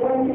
Thank you.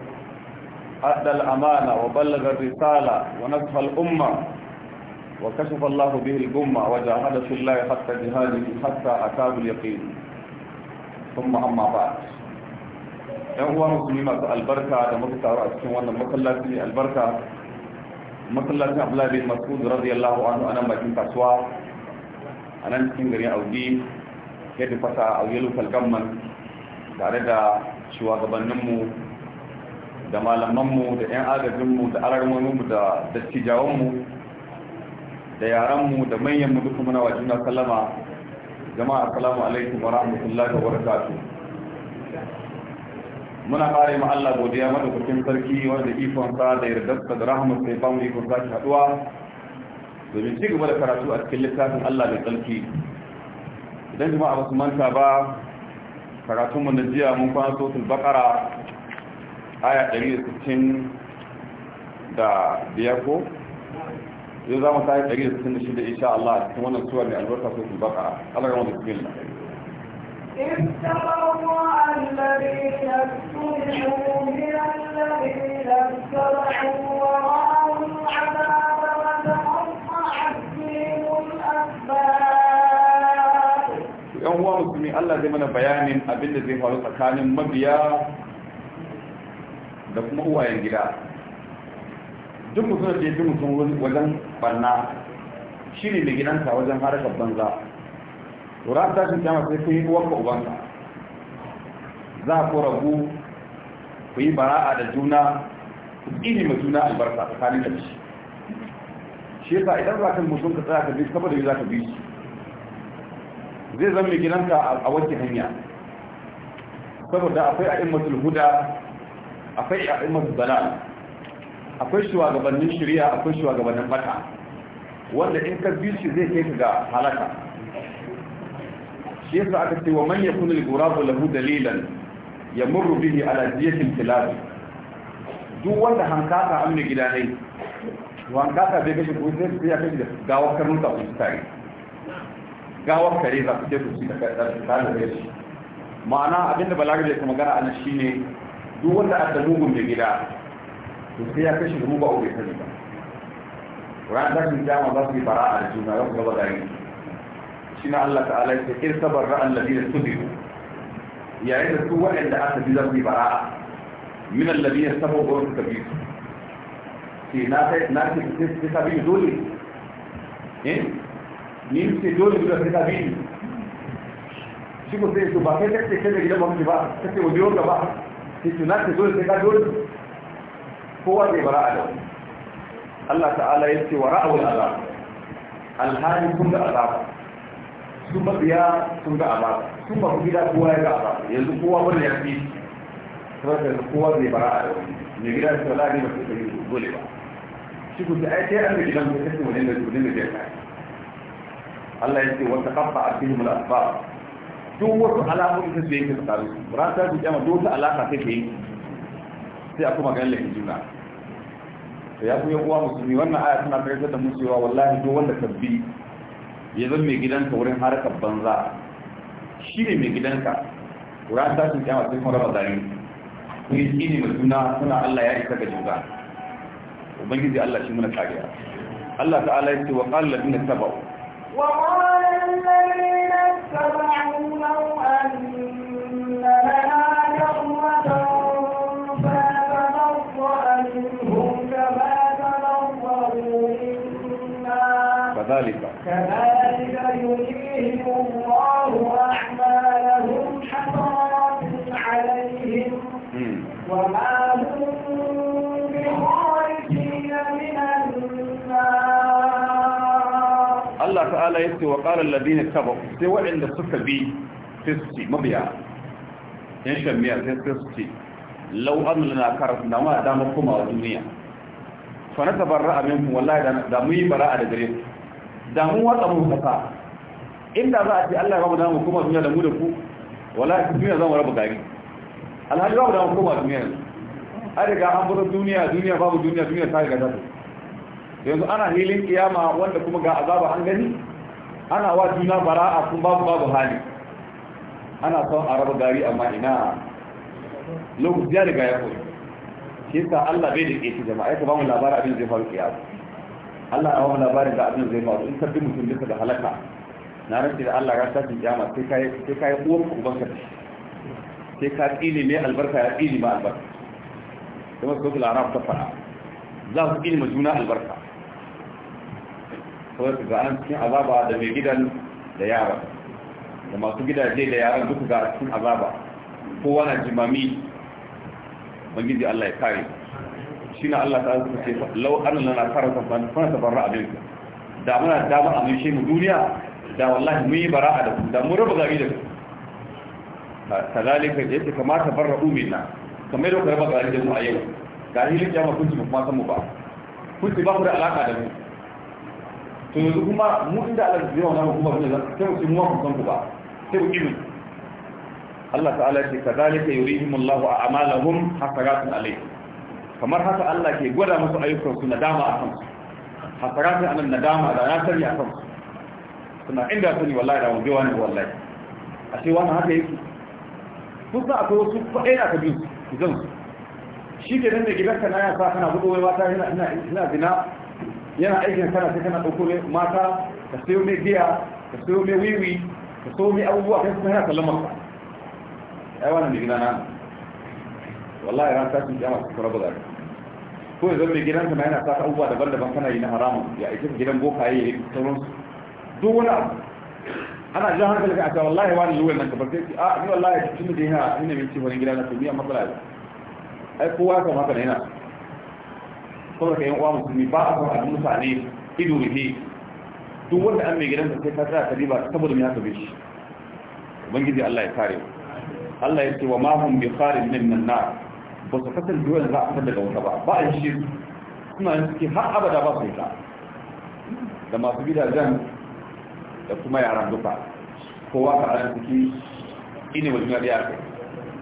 أدى الأمانة وبلغ الرسالة ونصح الأمة وكشف الله به الجمة وجاهد في الله حتى جهاده حتى أتاه اليقين ثم أما بعد ‘yan uwa musulmi masu albarka da muka taru a cikin wannan masallaci albarka masallacin abdullahi bin masud radiyallahu anhu anan bakin kasuwa a nan cikin gari audi yadda fata a tare da da malamanmu da 'yan agajinmu da ararmaninmu da dattijawanmu da yaranmu da manyanmu duk muna wa juna salama, jama'a assalamu alaikum wa rahmatullahi wa barakatuh muna kare ma Allah godiya madaukakin sarki wanda ikon sa da yardarsa da rahmat sai ba mu ikon sake haduwa domin ci gaba da karatu a cikin littafin Allah mai tsarki idan jama'a ba su manta ba karatunmu na jiya mun kwana sotul bakara aya 160 da biyar ko yau za mu sa 166 insha Allah a cikin wannan suwar mai albarka sai su baka Allah wanda bismillah استبرأ الذين اتبعوا من Allah اتبعوا ورأوا العذاب وتقطعت بهم الأسباب. tsakanin mabiya. da kuma uwayen gida duk mutum da ya fi mutum wajen banna shi ne mai gidanka wajen harkar banza to ran tashin kyamar sai kun yi uwanka ubanka za ku rabu ku yi bara'a da juna ku ƙini ma juna albarka tsakanin da shi shi yasa idan za ka mutum ka tsaya ka bi saboda yi za ka bi shi zai zama mai gidanka a wacce hanya saboda akwai a immatul huda akwai a'imar dalal akwai shugabannin shari'a akwai shugabannin bata wanda in ka bi shi zai kai ka ga halaka shi yasa aka ce wa man yakunu al-ghurabu lahu dalilan yamurru bihi ala diyatil kilab duk wanda hankaka amne gida ne to hankaka bai kashe ko sai ya kashe gawar karnuka ko tsari gawar kare za ku je ku ci da kai da kai ma'ana abinda balaga da kuma magana anan shine duk wanda an da mugun da gida to sai ya kashe ruba o bai sani ba ran tashin kiyama za su yi fara'a da juna za su gaba da yi shi na Allah ta'ala ya ce sabar ra'an ladina sudiru yayin da su waɗanda aka bi za su yi fara'a min alladina sabu ko suka bi su sai na sai na ce sai ka bi dole eh ni ce dole dole ka bi shi ko sai su ba kai kake kai da gidan ba ba kake wajen gaba cikin na ka sai ka dole kowa zai bara'a da wani Allah ta'ala ya ce wa azab alhali ga azab sun mabiya sun ga azab sun ba gida kowa ya ga azab yanzu kowa wanda ya fi kowa zai bara'a da wani ne gida da sallah ne ba su dole ba shi sai an ga gidan mutum wani ne da Allah ya ce wa taqaffa abihim al-asbab duk wasu alamomi ta su yake tsakanin su ran ta kiyama duk wata alaka ta ke sai a kuma ganin laifin juna to ya kuma uwa musulmi wannan aya tana karantar da mu cewa wallahi duk wanda ka bi ya zan mai gidanka wurin harkar banza shi ne mai gidanka ran tashin kiyama sai kuma raba zane kun yi ne mai juna suna Allah ya isa ga juna ubangiji Allah shi muna kariya Allah ta'ala ya ce wa qala ladina tabu wa qala ladina Allah ta'ala ya ce wa ƙarar labinin taba sai waɗanda suka bi fiski mabiya ɗin shammiyar sai fiski lau'adun na karas da ma damar kuma duniya. Fa na tabar ra'amin wallahi da mu yi bara a da da mun watsa mun kasa inda za a ce Allah ya rabu da mu kuma duniya da mu da ku wallahi duniya zan mu rabu gari alhaji rabu da mu kuma duniya a riga an bar duniya duniya babu duniya duniya ta riga ta yanzu ana hilin kiyama wanda kuma ga azaba an gani ana wa juna bara'a kun babu babu hali ana son a raba gari amma ina lokaci ya riga ya koyi shi ka Allah bai da ƙeci jama'a ya ba mu labarin abin zai faru kiyama Allah na wani labarin da abin zai faru in ka bi mutum bisa da halaka na rantsi da Allah ya tafi kiyama sai ka yi kai uwan ubanka da sai ka tsini mai albarka ya tsini ma albarka kuma su kula arab ta fara za su tsine ma juna albarka kawai su ga an cikin azaba da mai gidan da yara da masu gidaje da yaran duka ga cikin azaba kowa na jimami bangiji Allah ya kare su shine Allah ta azumi ce law an lana faratan fa fa tabarra abinka da muna da ba amin shi mu duniya da wallahi mu yi bara'a da ku da mu raba gari da ku kadalika yace kamar tabarra'u minna kamar da ku raba gari da mu a yau ga hilin jama'a kun ci kuma san mu ba kun ci ba ku da alaka da mu to yanzu kuma mu inda Allah zai yawa namu kuma sai mu ci mu ku san ku ba sai ku kibi Allah ta'ala ya ce kadalika yurihimullahu a'malahum hasaratun alayhi kamar haka Allah ke gwada musu ayyukansu nadama a kansu hasarati anan nadama da na sani a kansu suna inda sani wallahi da wanda wani wallahi a ce wani haka yake sun sa akwai wasu kwaɗai da aka bi su zan su shi ke nan da ka na sa kana buɗe wai mata yana zina yana aikin kana sai kana ɗauko mata ka sayo mai biya ka sayo mai wiwi ka sayo mai abubuwa kai kuma yana kallon maka ai wannan da na wallahi ran tashin jama'a su fara da za ka ko ya zama gidanka na yana sata abubuwa daban-daban kana yi na haramun ya aiki gidan boka ya yi sauransu duk wani abu ana jin hankali ka a cewa wallahi wani zuwa nan kabar sai a ah, ni wallahi tun da yana ina mai cikin gida na tuni a matsala ne ai kowa kan haka ne yana saboda ka yan uwa musulmi ba a san abin mutane ido rufe duk wanda an mai gidansa sai ka tsaya ka riba saboda me haka bai shi ubangiji Allah ya kare Allah ya ce wa ma hum bi kharin min nan nar ba su da za a san daga wata ba ba a yi shi suna yin suke har abada ba su yi da masu gidajen da kuma yaran duka kowa ka ran suke ine wa duniya da yake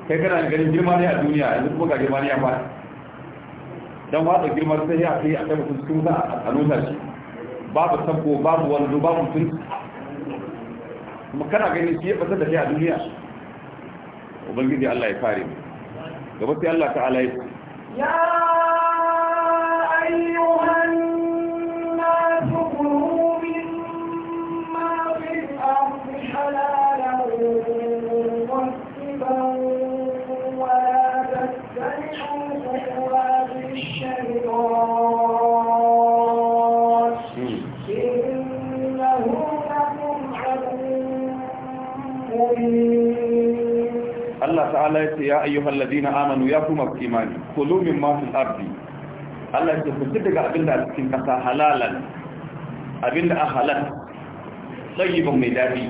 kai kana ganin girma ne a duniya yanzu kuma ga girma ne a ba dan watsa girma sai ya kai a kai mutum cikin wuta a nuna shi babu sabo babu wando babu mutum kuma kana ganin shi ya fasar da shi a duniya ubangiji Allah ya kare mu gaba sai Allah ta'ala ya ya ayyuhal ladina amanu ya kuma ku imani kulu min ma fil ardi Allah ya ku ci daga abinda a cikin kasa halalan abinda a halal tayyiban mai dadi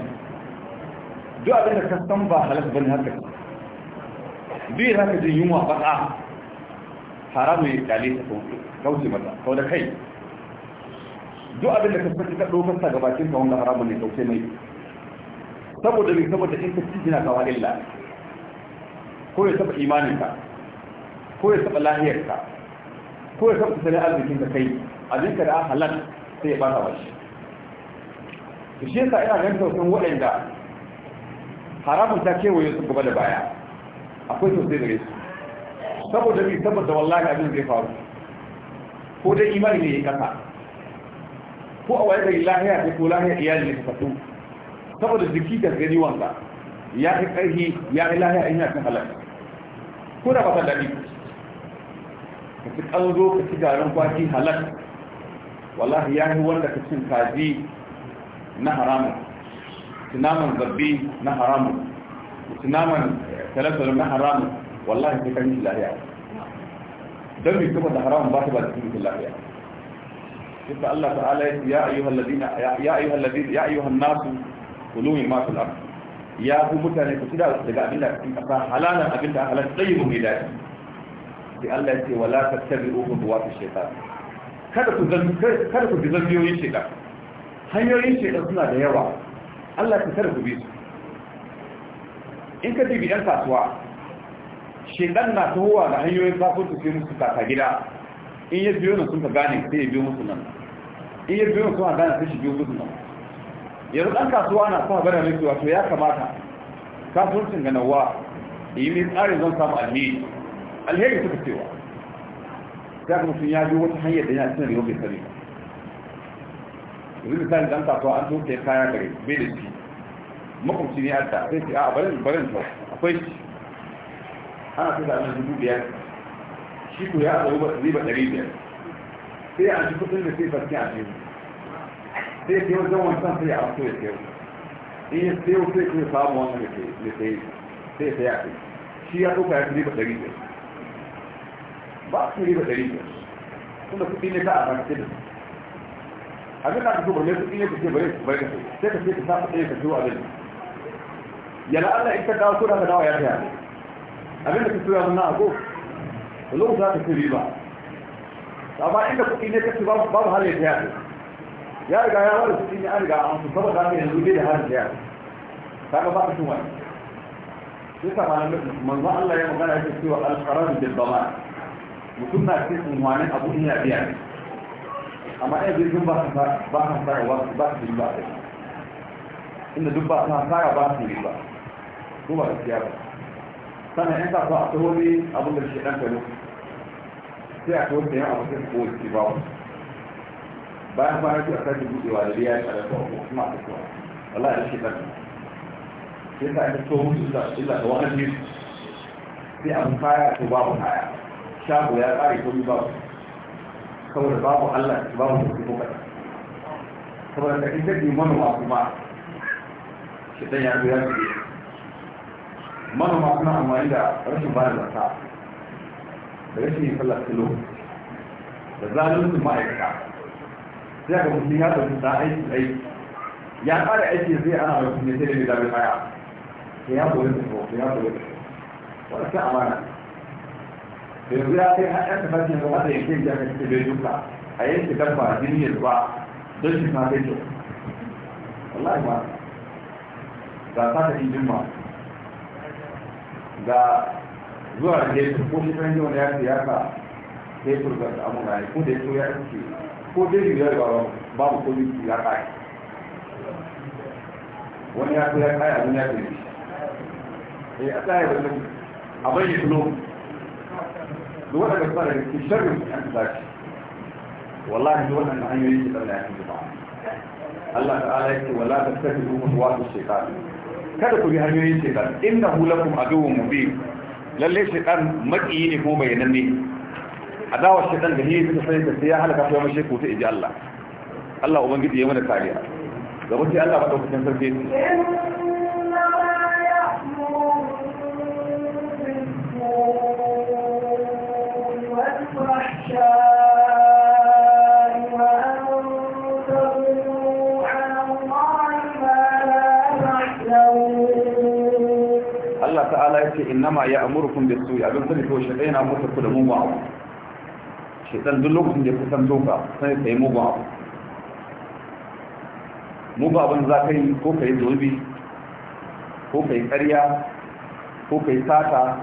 duk abinda ka san ba halal bane haka bi za ka jin yunwa baka haramu ya kale ta kauce mata kau da kai duk abinda ka san ka dokar sa gabatin ka wanda haramu ne kauce mai saboda ne saboda in ka ci jina kawa illa ko ya taɓa imaninka ko ya taɓa lahiyarka ko ya taɓa tattalin arzikin ka kai abinka da halal sai ya ba wa shi to shi yasa ina ganin tausayin waɗanda haramun ta kewaye su gaba da baya akwai sosai gare su saboda bi saboda wallahi abin zai faru ko dai imani ne ya kasa ko a waye gari lahiya ne ko lahiya iyali ne ta saboda jiki da gani wanda ya fi ƙarfi ya yi lahiya in yana kan halarta. ko da ba dadi daɗi ka ci ƙanzo ka ci garin kwaki halal wallahi ya ni wanda ka cin kaji na haramun tunaman naman zabbi na haramun tunaman naman na haramun wallahi ka ni yi lahiya dan mi ko da haramun ba ta ba da cikin lahiya yadda Allah ta'ala ya ayyuhal ladina ya ayyuhal ladina ya ayyuhan nasu kulu min ma fil ardh ya fi mutane ku tuna daga abin da a cikin ƙasa halalan abin da halal tsayi mu mai daɗi sai Allah ya ce wala tattabi'u khutuwatish shaytan kada ku zan kada ku bi zambiyoyin shekar hanyoyin shekar suna da yawa Allah ya kada ku bi su in ka dibi ɗan kasuwa shekar na tahowa da hanyoyin kasuwanci sai musu kaka gida in ya biyo na sun ka gane sai ya biyo musu nan in ya biyo na sun ka gane sai shi biyo musu nan yanzu ɗan kasuwa na kuma gana mai cewa to ya kamata kasuwancin ganawa yi mai tsarin zan samu alheri alheri suka cewa ta kuma sun ya bi wata hanyar da yana cin riba bai sani yanzu misali ɗan kasuwa an tuka ya kaya gare bai da shi makwabci ne alta sai ce a barin barin sau akwai shi ana sai da dubu biyar shi ko ya zaɓi ba ɗari biyar sai an shi kuɗin da sai farki a cikin sai ke wajen wancan sai a so ya ke in ya sai sai ke samu wannan da ke sai sai ya ke shi ya ɗauka ya fi riba ɗari biyar ba su riba ɗari biyar kuma kuɗi ne ka a kan cikin abin da aka so barne kuɗi ne ka ce bare bare sai ka ce ka sa kuɗi ka ciwo abin yana Allah in ka dawo ko da ka dawo ya ta yare abin da ka so ya a ko lokacin za ka ci riba amma inda kuɗi ne ka ci babu hali ya ta yare ya riga ya wada cikin ya riga an su saboda haka yanzu dai da harin da ya ta ga ba ka cin wani sai ta malamai manzo Allah ya magana yake cewa al-qarar bil dama mutum na cikin wani abu in ya biya amma ɗaya jirgin ba ka ba ka fara ba ba ka ba ka inda duk ba ka fara ba ka ba ko ba gaskiya ba sannan in ka so a wani abin da shi dan ka sai a kawo sayan abu sai ko ba wani bayan kwana biyu a kan buɗewa da biya ya karatu a kuma a kasuwa wallahi da shi kan sai sa aka so musu illa da wani biyu sai abin kaya to babu kaya shago ya tsare ko babu saboda babu allah babu da kuma kada saboda da ita ke manoma kuma shi ɗan ya ya ce manoma suna amfani da rashin ba da zata da rashin yin sallar kilo da zalunci ma'aikata sai ga mutum ya ɗauki ta aiki aiki ya ƙara aiki zai ana mai kuma sai da zabi baya sai ya koyi da ko ya koyi da wani sai amana da yanzu ya kai har ɗan tafafi yanzu wanda ya kai jami'a cikin bai duka a yanke dabba jini ya zuba don shi ma kai kyau wallahi ma ga sata injin ma ga zuwa da ke ko shi kan yi wani ya siyasa sai turga da amuna ya ko da ya so ya ɗauke kó débi lẹ́gbà lọ báwo kó ní ti lápá yìí wọ́n ní apẹ́ lápá yà ní apẹ́ yìí apẹ́ yà lọ́wọ́ àbẹ́ yìí lọ lọ́wọ́ ẹ̀rọ sọ́rọ̀ yìí kìí sẹ́rù ẹ̀ǹtì láti wàláhì lọ́wọ́ ẹ̀ǹtì ayọ̀ yìí lọ́wọ́ ẹ̀ǹtì bá Allah ta'ala yake wala tattabi'u khutuwati shaytan kada ku bi hanyoyin shaytan innahu lakum aduwwun mubin lalle shaytan makiyi ne ko bayanan ne adawar shaitan da hiyar ta sai da sai ya halaka ta mai sheku ta iji Allah Allah ubangiji ya mana kariya gaba sai Allah madaukakin sarki ya ce Allah ta'ala ya ce innama ya amurkum bis su'i abin sani to shi dai na muku da mu wa'u shaitan duk lokacin da ya kusan doka sai sai mugun abu mugun abin za ka yi ko ka yi zobi ko ka yi karya ko ka yi sata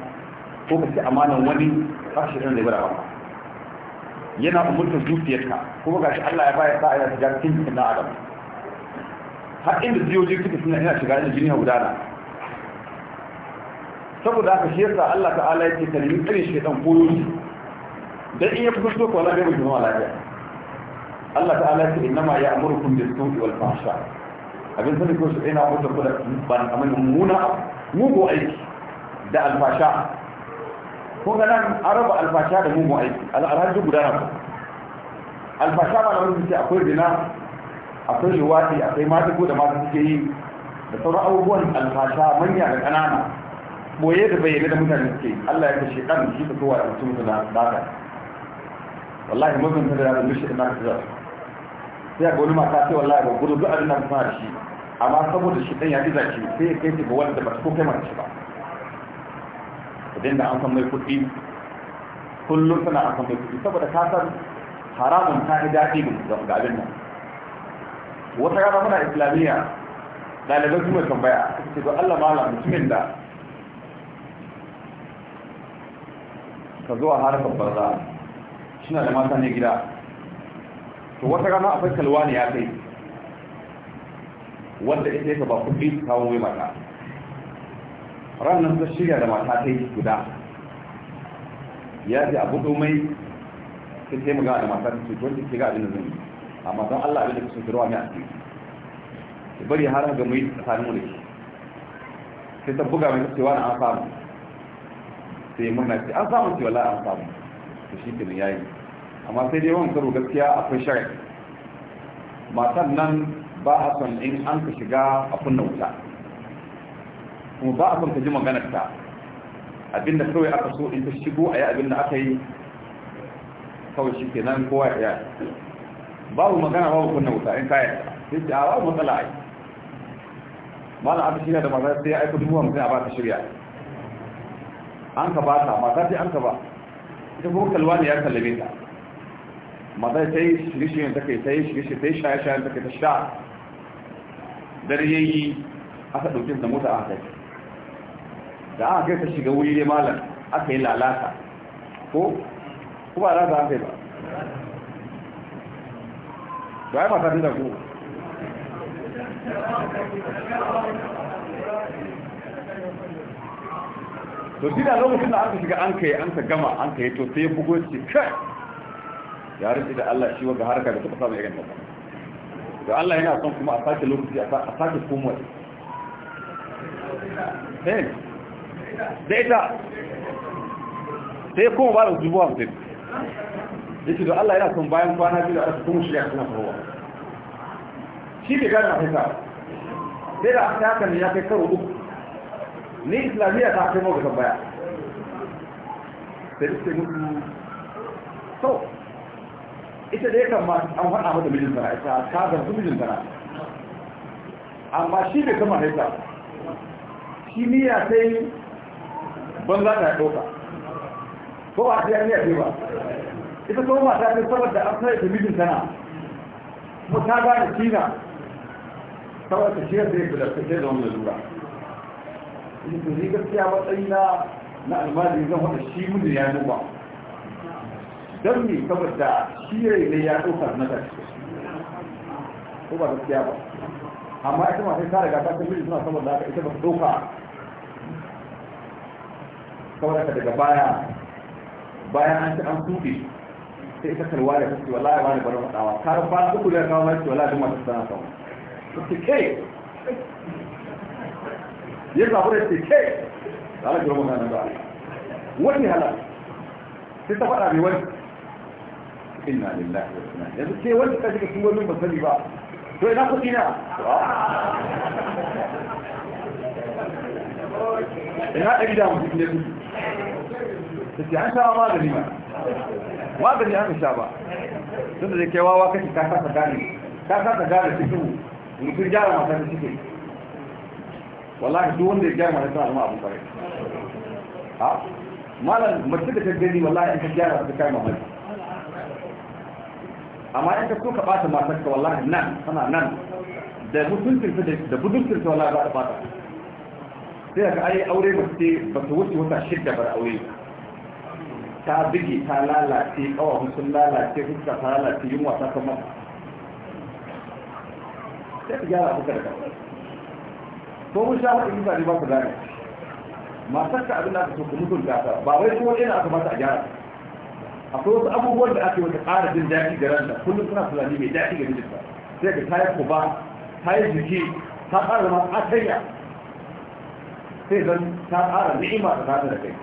ko ka ci amanan wani har shaitan da ya bada ba yana umurtar zuciyarka kuma gashi Allah ya baya sa ya shiga cikin jikin na adam har inda jiyoyi suka suna ina shiga da jini gudana saboda haka shi yasa Allah ta'ala yake kalmi irin shaitan koyoyi dan in ya fito ko Allah bai mu jama'a lafiya Allah ta'ala ya ce innama ya'murukum bis-su'i wal fahsha abin sani ko shi ina mutu ko da ban amin muna mugu aiki da alfasha ko ga nan araba alfasha da mugu aiki alhaji guda na alfasha ba na wani akwai dina akwai liwati akwai mata ko da mata suke yi da sauran abubuwan alfasha manya da ƙanana boye da bayyane da mutane suke Allah ya kashe kan shi da kowa da mutum da data wallahi mun san da mun shi ina kaza sai ga wani mata sai wallahi ba gudu duk abin da kuma da shi amma saboda shi dan ya iza zaki sai kai ki ga wanda ba ko kai shi ba idan da an san mai kuɗi kullum tana an san mai kuɗi saboda ka san haramun ta yi daɗi ga abin nan wata rana muna islamiyya ɗalibai kuma tambaya sai ce allah malam mutumin da ka zuwa harkar barza suna da mata ne gida to wata rana akwai kalwa ne ya kai wanda ita yake ba kuɗi ta kawo mai mata ranar ta shirya da mata ta yi guda ya ji abu domai ta ce magana da mata ta ce don ke ga abinda zai yi amma don allah abinda da ka sun rawa ne a ciki ki bari har ga mai tsakanin mu da ke sai ta buga mai cewa na an samu sai murna ce an samu ce wala an samu ta shi kenan yayi amma sai dai wani karo gaskiya akwai shari'a matan nan ba a son in an ka shiga a kunna wuta kuma ba a son ka ji maganar ta abinda kawai aka so in ta shigo a yi abinda aka yi kawai shi ke nan kowa ya yi. babu magana babu kunna wuta in kayan ta sai ta babu matsala a yi na aka shirya da maza sai ya aiko dubu mutum a ba ta shirya an ka ba ta mata sai an ka ba ita kuma kalwa ne ya kallabe ta maza ta yi shirishiyar ta kai ta yi shirishiyar ta yi shayashayar ta kai ta sha dare ya yi aka ɗauki da mota a kai da aka kai ta shiga wuri ne malam aka yi lalata ko kuma lalata aka yi ba da ya mata da ku to shi da lokacin da aka shiga an kai an ka gama an ka yi to sai ya bugo kai ya rinci da Allah shi wanda harka da taɓa samu irin ba da Allah yana son kuma a sake lokaci a sake komai sai da ita sai kuma ba da zubuwa mutum shi da Allah yana son bayan kwana biyu da aka kuma shirya kuma faruwa shi ke gane a fita sai da aka haka ne ya kai karo uku ni islamiyya ta kai ga baya sai da sai mutu so ita da yakan an faɗa mata mijin tana ita ta zarfi mijin tana amma shi bai kama haita shi niyya sai banza ta ɗauka ko ba ta yi niyya ba ita kuma mata ta saboda an sai ta mijin tana kuma ta da kina saboda ta shiyar da ya fi da ta shiyar da wani lura ita ta yi gaskiya matsayina na almajiri zan faɗa shi mijin ya nuba don me da shi rai ne ya ɗaukar na ƙarshe ko ba gaskiya ba amma ita ma sai ta riga ta san miji suna saboda aka ita ba ta ɗauka saboda haka daga baya bayan an ci an tuɓe sai ita kalwa da wala ya bani bari matsawa kar ba uku da kawo mai wallahi duk masu sana kawo ta ke ya zaɓu da ta ke ala jiro wani halar sai ta faɗa mai wani inna lillahi wa inna ilaihi yanzu sai wanda ka shiga cikin ba sani ba to ina kuɗi na ina ɗari da hamsin ne kuɗi ta ce an sha magani ma magani an sha ba tun da zai wawa kashi ka kasa gane ka kasa gane cikin mutum gyara mata da cikin wallahi duk wanda ya gyara mata tana zama abu kare malam mace da ta gani wallahi in ka gyara kai mamaki amma in ka so ka bata matar ka wallahi nan tana nan da mutuncin ta da budurcin ta wallahi za ta bata sai ka ai aure ba sai ba ta wuce wata shidda bar aure ta bige ta lalace kawa sun lalace fuska ta lalace yunwa ta kama sai ka gyara fuska da kawai ko mun sha haɗin mutane ba ku gane matar ka abin da aka so ku mutunta ta ba wai ko ina aka ba ta a gyara akwai wasu abubuwan da ake yi wata ƙara jin daɗi da ranta kullum suna tunani mai daɗi ga mijinta sai ka kayan kuba ta yi jiki ta ƙara zama atayya sai zan ta ƙara ni'ima da zata da kai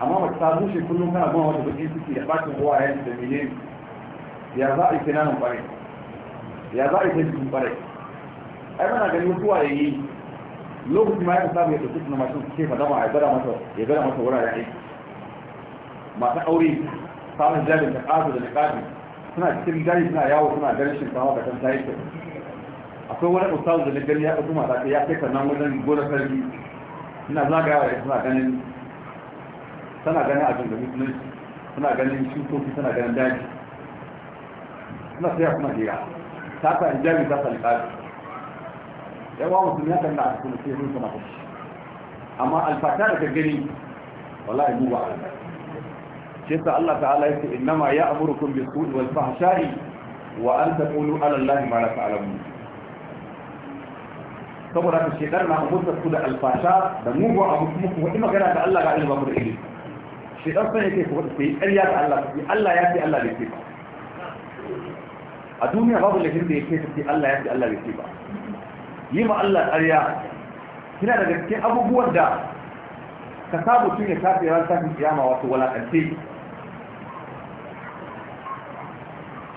amma mace ta bushe kullum kana gama wata bakin ciki da bakin uwa yanzu da mene ya za a yi kinanan ƙwarai ya za a yi ta jikin ƙwarai ai mana ganin mutuwa ya yi lokacin ma ya samu ya ɗauki tunan mashin ke fadama ya gada masa wuraren aiki masu aure samun jabin da ƙasa da niƙafi suna cikin gari suna yawo suna ganin shi da kan tayi akwai wani ustazu da na gani ya ɗauki mata ya kai sannan wajen gona sarki ina zagaya da suna ganin tana ganin abin da musulunci suna ganin shukoki suna ganin daji suna tsaya suna hira ta ta jabi ta sani ƙafi yawa musulmi haka na a cikin sai sun suna fashi amma alfata da ka gani wallahi mu ba a shi yasa Allah ta'ala yace innama ya'murukum bis-su'i wal-fahsha'i wa an taqulu 'ala Allahi ma la ta'lamun saboda ka shi na umurta ku da alfasha da mugu abu kuma ku wani magana da Allah ga ilmi ba ku da ilmi shi dan sai yake ku yi ƙarya ga Allah ku Allah ya ce Allah bai ce ba a duniya babu lahin da yake ce Allah ya ce Allah bai ce ba yi ma Allah ƙarya kina daga cikin abubuwan da ka sabu tun ya tafi ran tafi kiyama wato walakance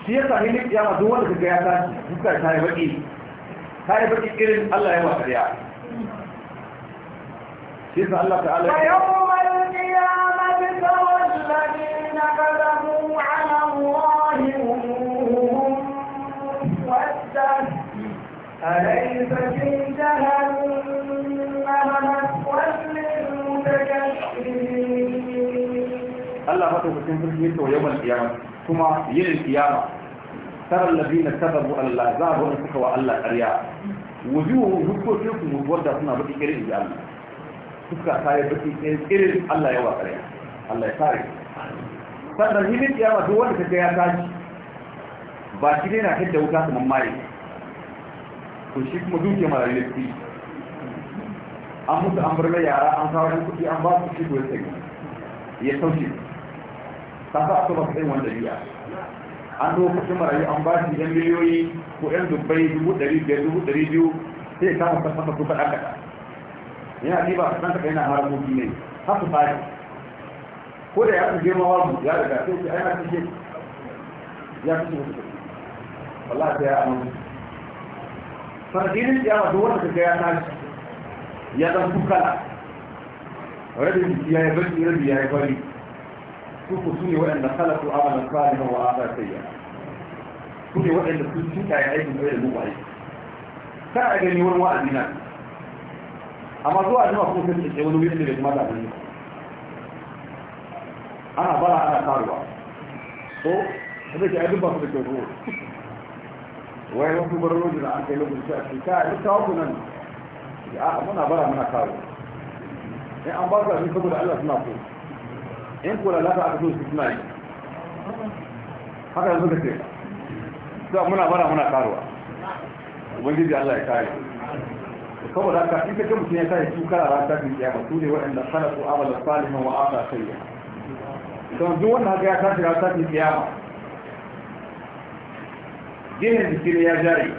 shi ya sami ne kiyama duk wanda kaga ya tashi duka ta yi baki ta yi baki irin Allah ya wasa ya shi yasa Allah ta'ala ya yawma al-qiyamati tara alladhina kadhabu 'ala Allahi أليس في جهنم مثوى للمتكبرين الله فتوى في يوم القيامة kuma yin kiyama ترى الذين كذبوا على الله ذهبوا ان سكوا الله قريا وجوههم نكوتكم متودا سنا بكي كريم يا الله سكا كاي بكي كريم الله يوا قريا الله يسارك sannan himin kiyama duk wanda kaga ya tashi ba shi ne na kai da wuta kuma mai to shi kuma duke mara lafi an mutu an bar yara an kawo kuɗi an ba su ya sauke ta sa a so ba su an lokacin marayu an ba shi yan miliyoyi ko yan dubbai dubu ɗari biyar dubu ɗari biyu sai ta haka sama su faɗa kaɗa yana ɗiba a kanka yana haramoki ne har su fari ko da ya fi girma mu ya daga sai ce ai na ya fi shi mutu wallahi ta ya amince sarkinin ya wato wanda kaga ya tashi ya zan kukala rabin ya yi bari rabin ya yi bari suku su ne waɗanda halatu amalan salihan wa aka sayya su ne waɗanda sun tuka ya aikin ɗaya da muku aiki kar a gani wani wa'azi na amma zuwa zuwa kuma sun tsaye wani wurin da bai kuma da abin ana bara ana karuwa so zai ke abin ba su da kyau ruwa wai wasu barnoji da an kai lokacin a cikin kayan duk kawo nan a muna bara muna karuwa in an ba su abin saboda allah suna so in za ka aka so su suna yi haka yanzu ka ce za muna bara muna karuwa ubangiji Allah ya kare saboda haka in ka ga mutum ya kare su kara ran tafin kiyama su ne waɗanda kana su amala salihan wa aka sayya don duk wanda haka ya tashi ran tafin kiyama gehen jiki ya jari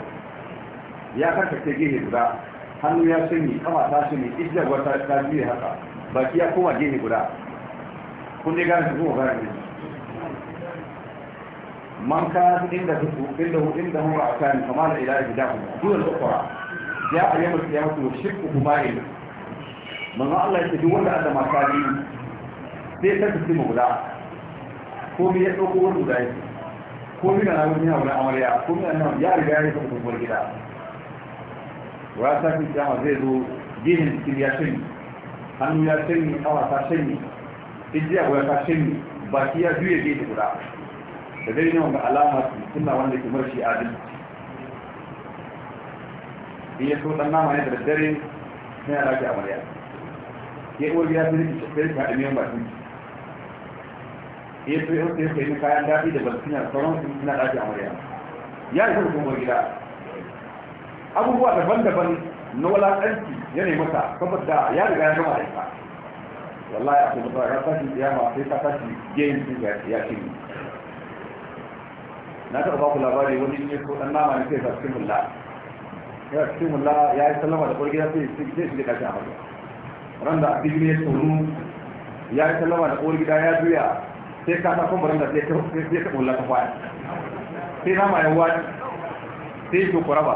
ya karkace gini guda hannu ya shanye kama ta shanye ijiyar wata ta biyu haka baki ya koma gini guda kun dai gane su zuwa gane man ka inda su inda hu inda hu a kan kama da ila da ku dole ukura ya a yamma ya mutu shirku kuma ne. manzo Allah ya ce duk wanda aka yi sai ta fi mu guda ko me ya dauko wani guda yake ko me na wani yana wani amarya ko me na ya riga ya yi kuma gida wa ta jama'a zai zo ginin cikin ya shiri hannu ya shiri awa ta shiri ijiya guda ta shin baki ya juya gefe guda da dai ne wanda alama su suna wanda ke marshi adil in ya so dan nama ne da daddare sai ya lafiya amarya ya uwar gida sun rike sai ka da miyan baki ya so yau sai ya kai kayan daɗi da balkina da sauran su suna lafiya amarya ya yi da kuma gida abubuwa daban-daban na wulaƙanci ya ne masa saboda ya riga ya gama ita wallahi akwai mutuwa ran ya ma sai ta fashi gain ga ya ce na taɓa baku labari wani ne ko ɗan nama ne sai sa mulla ya cikin mulla ya yi sallama da ƙwargiya sai sai shiga kashin a haka ran da abin ne tsoro ya yi sallama da ƙwargiya ya juya sai ka ta kuma ran da sai ka mulla ta kwaya sai nama ya wani sai shi ba.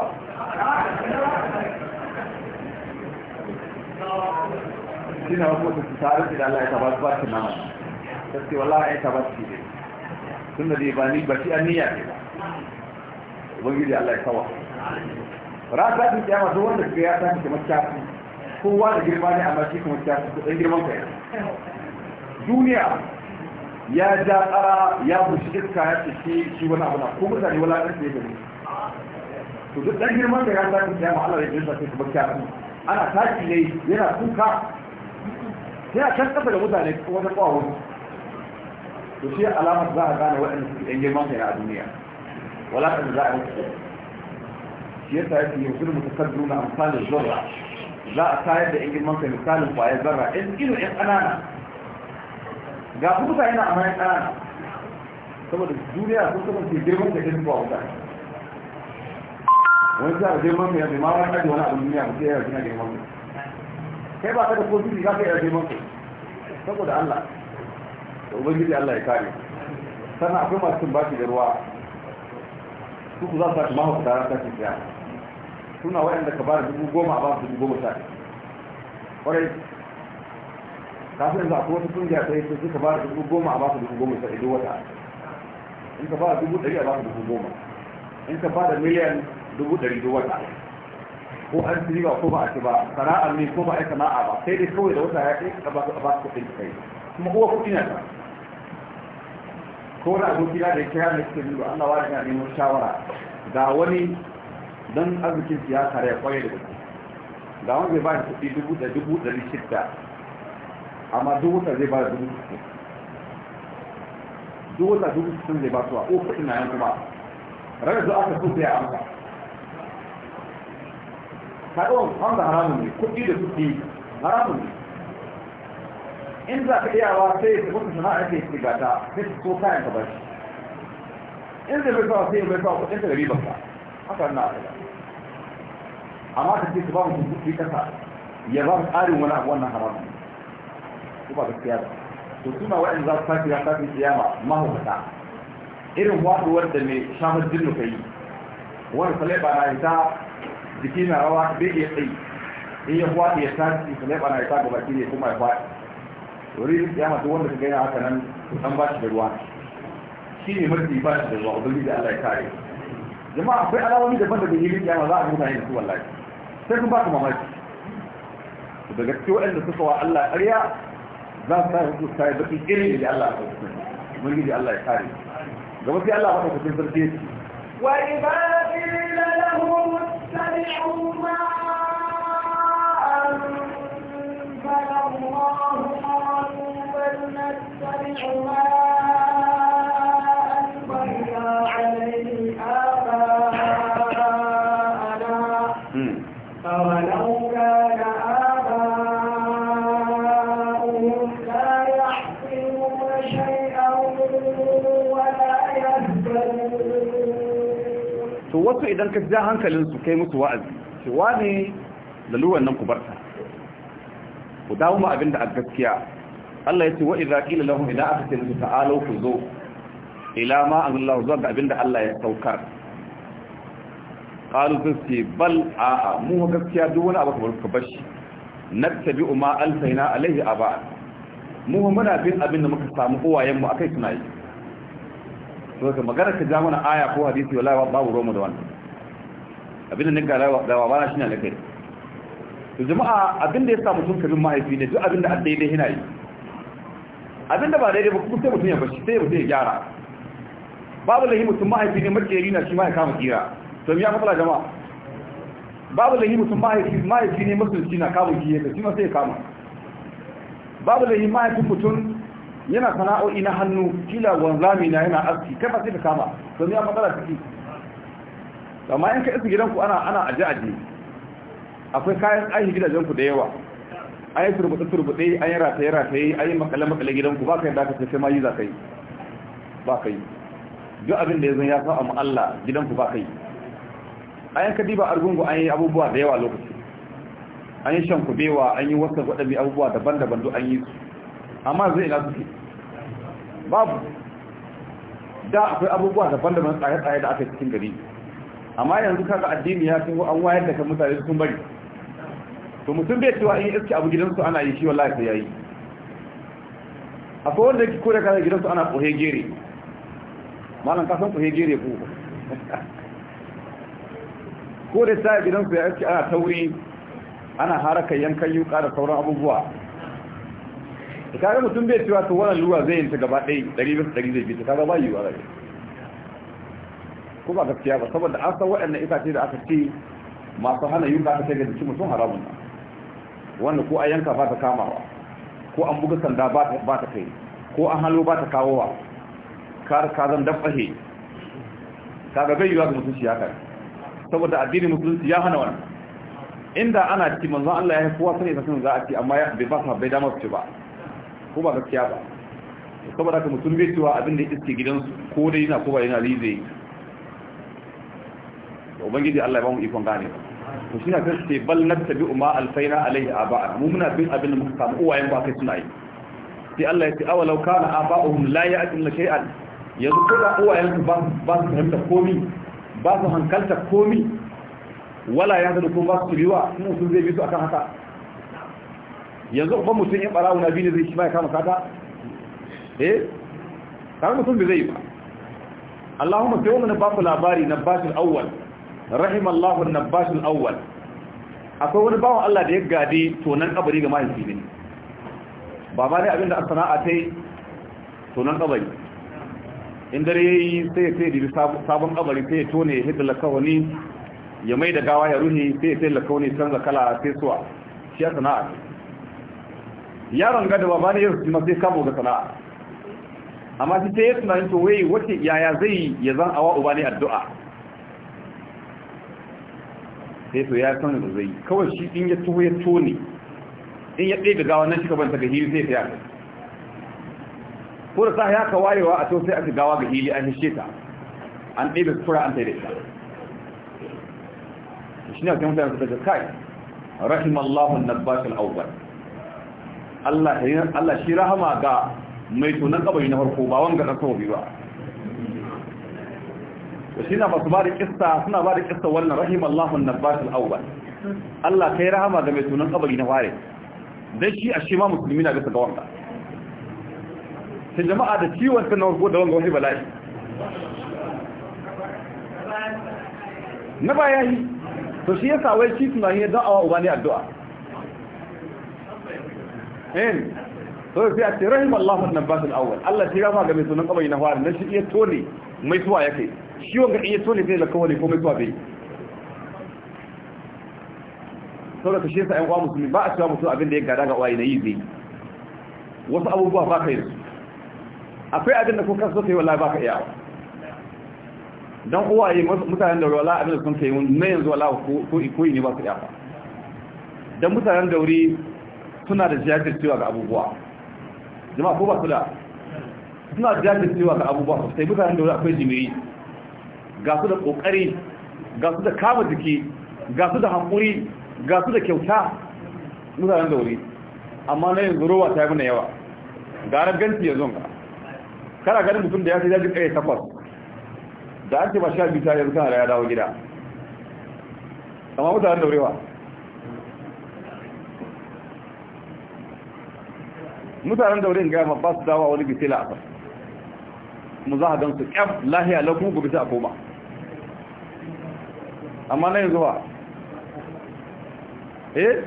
shi na wasu su tare da Allah ya taba ba ki nama ce wala ya taba shi ne tun da ba ni ba shi an niyya ne ba. ubangiji Allah ya tawa rata ta kiyama duk wanda ka ya ta ki kamar kowa da girma ne amma shi kuma kyafu ko dan girman kai duniya ya ja tsara ya bushi iska ya ce shi wani abu na ko mutane wala ɗan da gani to duk dan girman kai ya ta ki kiyama Allah ya jinsa sai kamar kyafu ana taki ne yana kuka sai a can kasa da mutane kuma wata kwawo to shi alamar za a gane waɗanda suke ɗan girman kai na duniya wala kan za a yi shi yasa yake yin zulmu takaddu na amsalin zarra za a tayar da ɗan girman kai misalin kwayar zarra ɗan ilu ɗan ƙanana ga su mutane na amma ɗan ƙanana saboda duniya sun kasance girman kai ɗin kwawo mutane wani za a girman kai ya zama wani ɗan wani abin duniya mutum ya yi girman kai kai ba ka da kofi za ka yi aje maka saboda Allah da ubangiji Allah ya kare sannan akwai masu cin bashi da ruwa su ku za su sake mahaukata ran tashin siya suna waɗanda ka ba da dubu goma a ba su dubu goma sha ƙwarai kafin yanzu akwai wata kungiya ta yi su suka ba da dubu goma a ba su dubu goma sha idan wata in ka ba da dubu ɗari a ba su dubu goma in ka ba da miliyan dubu ɗari duk wata ko an ci ba ko ba a ci ba sana'ar ne ko ba a yi sana'a ba sai dai kawai da wata ya ce ka ba su ba su kai kai kuma kowa kuɗi na ta ko da aboki na da ya kira mai cikin ba Allah wani na neman shawara ga wani dan arzikin siyasa da ya kwaye da gaske ga wani zai ba da kuɗi dubu da dubu ɗari shidda amma dubu ta zai ba da dubu sittin dubu ta dubu sittin zai ba su a ko kuɗin na yan kuma rage zuwa ka so sai a amsa haɗuwan wanda haramun ne kuɗi da kuɗi haramun ne in za ka iyawa sai ya wata sana'a ke ce gata sai su kayan ka bashi in zai bai kawo sai ya bai kawo kuɗin ka da ribar ka haka na aƙida amma ka ce su ba mu kuɗi kasa ya ba mu tsarin wani abu wannan haramun ko ba gaskiya ba to suna wa'in za su tafi ya tafi kiyama mahaukata irin waɗuwar da mai shamar jinnu ka yi wani salai ba na ita jiki na rawa bai iya tsayi in ya kwaɗi ya tashi su laiɓa na ya sa baki ne kuma ya kwaɗi wuri ya masu wanda ka gani haka nan an ba shi da ruwa shi ne mafi ba shi da ruwa ubangi da Allah ya kare jama'a akwai alamomi daban da bai yi ma za a nuna yin su wallahi sai kun ba su mamaki daga cikin waɗanda suka wa Allah ƙarya za su sa su ya baki irin da Allah ya kare ubangi da Allah ya kare gaba sai Allah ya kare sarki wa ibadillah idan ka ja hankalinsu kai musu wa'azi cewa ne laluwan nan ku barta ku dawo ma abinda a gaskiya Allah ya ce wa idza qila lahum idan aka ce musu ta'alu ku zo ila ma Allah zuwa ga abinda Allah ya saukar qalu sai bal a mu gaskiya duk wani abu ka barka bashi nattabi'u ma alfaina alaihi aba mu muna bin abin da muka samu uwayen mu akai suna yi to ka magana ka ja mana aya ko hadisi wallahi babu romo da wannan abinda ne ga rawa bana shi ne na kai to jama'a abinda ya sa mutum kabin mahaifi ne duk abinda a daidai yana yi abinda ba daidai ba kuma sai mutum ya bashi sai mutum ya gyara babu lahi mutum mahaifi ne mace yarina shi ma ya kama kira to ya matsala jama'a babu lahi mutum mahaifi mahaifi ne shi na kama kira shi ma sai ya kama babu lahi mahaifin mutum yana sana'o'i na hannu kila wanzami na yana aski kafa sai ka kama to ya matsala ciki amma in ka isa gidanku ana ana aje aje akwai kayan aiki gidajenku da yawa an yi turbuɗe turbuɗe an yi rataye rataye an yi makale makale gidanku ba ka yadda ka sai ma yi za ka yi ba ka yi duk abin da ya zan ya sa amma Allah gidanku ba ka yi an diba argungu an yi abubuwa da yawa lokaci an yi shan kubewa an yi wasu waɗanne abubuwa daban-daban duk an yi su amma zai ina suke babu da akwai abubuwa daban-daban tsaye-tsaye da aka cikin gari amma yanzu kaga addini ya kingo an wayar da kan mutane sun bari to mutum bai cewa in iske abu gidansu ana yi shi wallahi sai yayi akwai wanda yake kore kaza gidansu ana kohe gere malam ka san kohe gere ko ko da sai gidansu ya iske ana tauri ana haraka yankan yuka da sauran abubuwa kaga mutum bai cewa to wannan ruwa zai yi ta gaba ɗaya ɗari bisa zai bi ta kaga ba yi wa zai ko ba gaskiya ba saboda an san waɗannan itace da aka ce masu hana yunwa aka ce ga cikin mutum haramun nan wanda ko a yanka ba ta kamawa ko an buga sanda ba ta kai ko an halo ba ta kawowa kar ka zan dabbahe ga bai yiwa ga mutunci ya kai saboda addinin musulunci ya hana wannan inda ana ci manzo Allah ya yi kowa sani san za a ci amma ya bai ba su bai dama su ci ba ko ba gaskiya ba saboda ka mutum bai cewa abin da iske gidansu ko dai yana ko ba yana lize da ubangiji Allah ya ba mu ikon gane to shi na ta ce bal nattabi ma alfaina alaihi aba'ana mu muna bin abin da muka samu uwayen ba kai suna yi sai Allah ya ce awalau kana aba'uhum la ya'qiluna shay'an yanzu kuma uwayen ba ba su fahimta komi ba su hankalta komi wala ya zanu ko ba su riwa mu sun zai bi su akan haka yanzu ba mutum ya barawo na biyu ne zai shi ma ya kama kata eh kamar mutum bai zai ba Allahumma sai wannan ba ku labari na batil awwal rahimallahu an-nabbash al-awwal akwai wani bawan Allah da ya gade tonan kabari ga mahaifi ne ba ma ne abinda a sana'a ta yi tonan kabari in dare ya yi sai ya sai dibi sabon kabari sai ya tone ya hidda lakawani ya mai da gawa ya ruhi sai ya sai lakawani canza kala sai suwa shi a sana'a yaron gada ba ma ne ya rufi ma ya kamo ga sana'a amma sai ta yi tunanin to wai wace yaya zai ya zan awa uba ne addu'a sai to ya san da zai kawai shi in ya tuho ya tone in ya ɗaya gawa nan shiga banta ga hili sai ya kai ko da sa ya ka wayewa a to sai aka gawa ga hili an hishe ta an ɗaya da an tare ta shi ne a kan mutane suka ga kai rahimallahu na awwal Allah Allah shi rahama ga mai tunan kabari na farko ba wanga na kawo ba وشينا بصباري قصة سنا باري قصة ولنا رحم الله النباس الأول الله خيرها ما دمتونا قبل نواري ده شيء أشيما مسلمين قصة قوانا سجماعة ده شيء وانسان نوركو دوان قوحي بلاي نبا ياهي فشي يسا ويل شيء سنا هي دعا وغاني الدعا هين سوف في أتي رحم الله النباس الأول الله خيرها ما دمتونا قبل نواري نشي إيه توني ميسوا يكي shi wanga iya ya so ne zai laka wani komai zuwa bai saboda ka shesa 'yan uwa musulmi ba a cewa mutum abin da ya gada ga wayi na yi zai wasu abubuwa ba ka yi akwai abin da ko kansu yi wallahi ba ka iya dan yi mutanen da wallahi abin da sun yi na yanzu wallahi ko ko ne ba su iya ba Don mutanen wuri suna da jajircewa ga abubuwa jama'a ko ba su da suna jajircewa ga abubuwa sosai mutanen da wuri akwai jimiri ga su da kokari ga su da kama jiki ga su da hankuri ga su da kyauta mutanen da wuri amma na yin zurowa ta yi mana yawa gara ganti zo ga kana ganin mutum da ya ce ya ji kai takwas da an ce ba sha biyu ta yanzu kana da ya dawo gida amma mutanen da wurewa mutanen da wurin gaya ba su dawa wani bisila a mu za a don su lahiya lafi gobe a koma amma na yanzu ba eh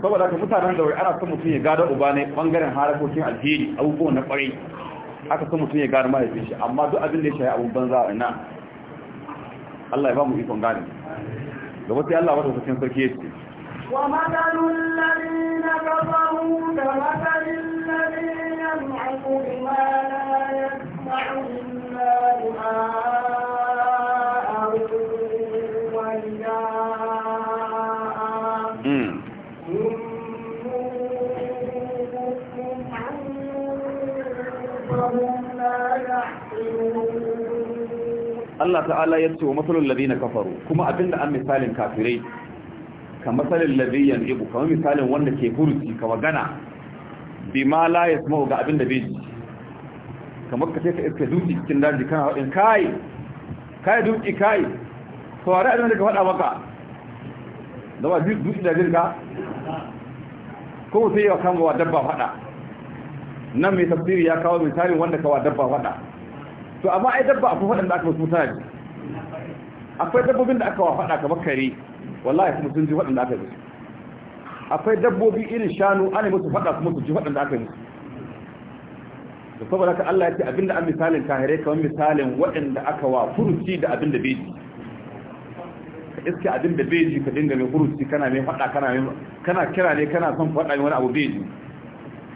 saboda ka mutanen da wai ana son mutum ya gada uba ne bangaren harakokin alheri abubuwan na kwarai aka son mutum ya gada mahaifin shi amma duk abin da ya shaye abun banza a ina Allah ya ba mu ikon gane da sai Allah wata sarki ya ce wa matalul ladina kafaru kama Allah ta'ala ya ce wa matsalin ladina kafaru kuma abinda an misalin kafirai ka matsalin ladiyan ibu kama misalin wanda ke furuci ka magana bi ma la ya ga abinda bai ji kamar ka ce ka iska duki cikin daji kana haɗin kai kai duki kai saurari abinda ka faɗa maka da ba duki da jirga ko sai wa kama wa dabba faɗa nan mai tafsiri ya kawo misalin wanda ka wa dabba faɗa to amma ai dabba akwai wadanda aka wasu mutane akwai dabbobin da aka wafa daga kare wallahi kuma sun ji wadanda aka yi akwai dabbobi irin shanu ana musu faɗa kuma su ji wadanda aka yi musu da saboda ka Allah ya ce abinda an misalin kahire kamar misalin waɗanda aka wa furuci da abinda beji ka iske abinda beji ka dinga mai furuci kana mai faɗa kana mai kana kira ne kana son faɗa wani abu beji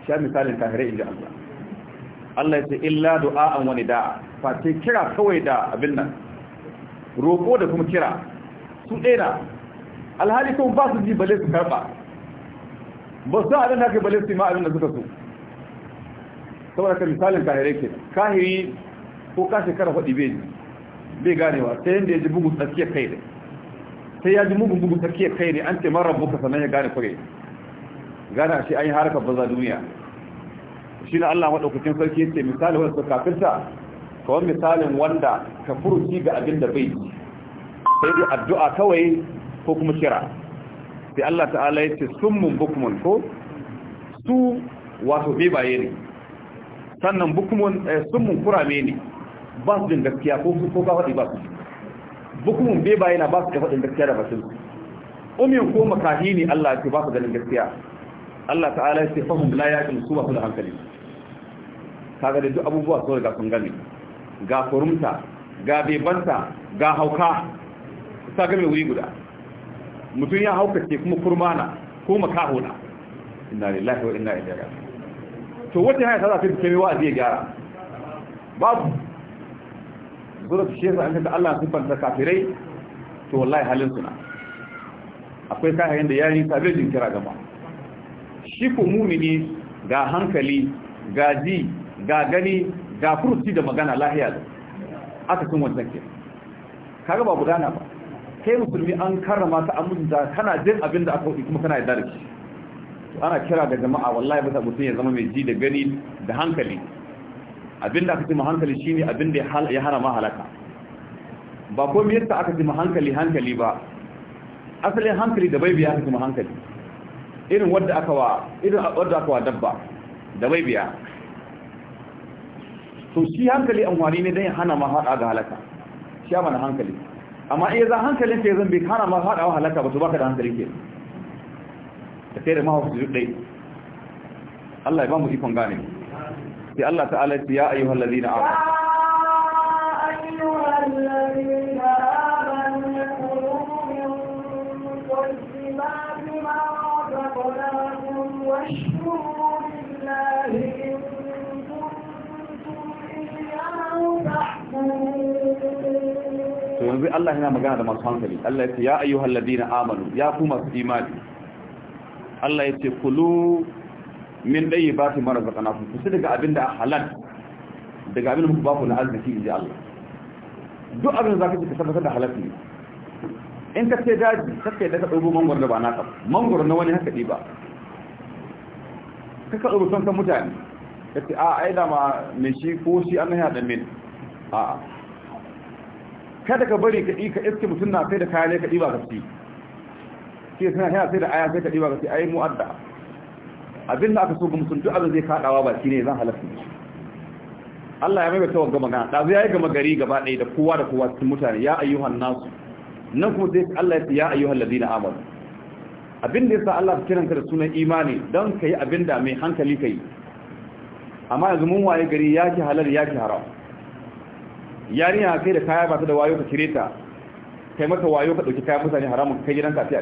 sha misalin kahire inji Allah Allah ya ce illa du'a'an wani da'a ce kira kawai da abin nan roƙo da kuma kira su ɗena alhali kuma ba su ji bale su karɓa ba su abin da aka bale su ma abin da suka so saboda ka misalin kahirai ke kahiri ko ka shekara faɗi bai bai ganewa sai yadda ya ji bugu tsakiyar kai ne sai ya ji mugun bugu tsakiyar kai ne an ce mara buka sannan ya gane kwarai gane shi an yi harkar baza duniya shi na Allah maɗaukakin sarki yake misali wanda suka kafirta kawai misalin wanda ka furuci ga abin da bai sai dai addu'a kawai ko kuma kira sai Allah ta'ala ya ce mun bukmun ko su wato bebaye ne sannan bukumun eh, mun kurame ne ba su gaskiya ko su ko faɗi ba su bukumun bebaye na ba su faɗin gaskiya da basu umin ko makahi ne Allah ya ce ba su ganin gaskiya Allah ta'ala ya ce fahimta ya yaqin su ba su da hankali kaga da duk abubuwa sun riga sun gane ga kurumta ga bebanta ga hauka ta game wuri guda mutum ya haukace kuma kurmana ko makahona inna lillahi wa inna ilaihi raji'un to wata hanya ta za ta fi kemewa a zai gyara babu zura su shesa an kanta Allah fanta kafirai to wallahi halin suna akwai kayan da yayin sabe jinkira gama shi ko mumini ga hankali ga ji ga gani ga furuci da magana lahiya da aka sun wancan ke kare ba gudana ba kai musulmi an karrama ta amin da kana jin abin da aka hudu kuma kana yadda da shi ana kira da jama'a wallahi bisa mutum ya zama mai ji da gani da hankali abin da aka ce hankali shi ne abin da ya hana ma halaka ba ko mai yasa aka ce hankali hankali ba asalin hankali da bai biya aka ce hankali irin wadda aka wa dabba da bai biya to shi hankali amfani ne don ya hana ma haɗa ga halaka shi mana hankali amma iya za hankalin ka zan bai hana ma haɗa wa halaka ba to baka da hankali ke da kai da mahaukaci duk ɗai Allah ya ba mu ikon gane sai Allah ta'ala ya ayyuhal ladina amanu ya ayyuhal ladina Allah yana magana da masu hankali Allah ya ce ya ayyuhal ladina amanu ya ku masu imani Allah ya ce kulu min ba dayyibati mara zakana ku daga abin da halal daga abin da ba ku na arziki inji Allah duk abin da zaka ci ka tabbatar da halal ne in ka ce daji kake da ka dubo mangoro da ba na ka mangoro na wani haka di ba kaka dubo san san mutane kace a ai da ma shi ko shi an ya da min a kada ka bari ka ɗi ka iske mutum na sai da kaya ne ka ɗiba gaske ke suna yana sai da aya sai ka ɗiba gaske a yi mu'adda da aka so ga mutum duk abin zai kaɗawa ba shi ne zan halatta Allah ya mai ta wanga magana da zai yi gama gari gaba ɗaya da kowa da kowa cikin mutane ya ayyuhan nasu nan kuma sai Allah ya ce ya ayyuhan ladina amanu abin da yasa Allah ya kiran ka da sunan imani don kai abin da mai hankali kai amma yanzu mun waye gari ya ki halal ya ki haram yarinya sai da kaya ba ta da wayo ka cire ta kai mata wayo ka dauki kayan mutane haramun kai gidan ka fiya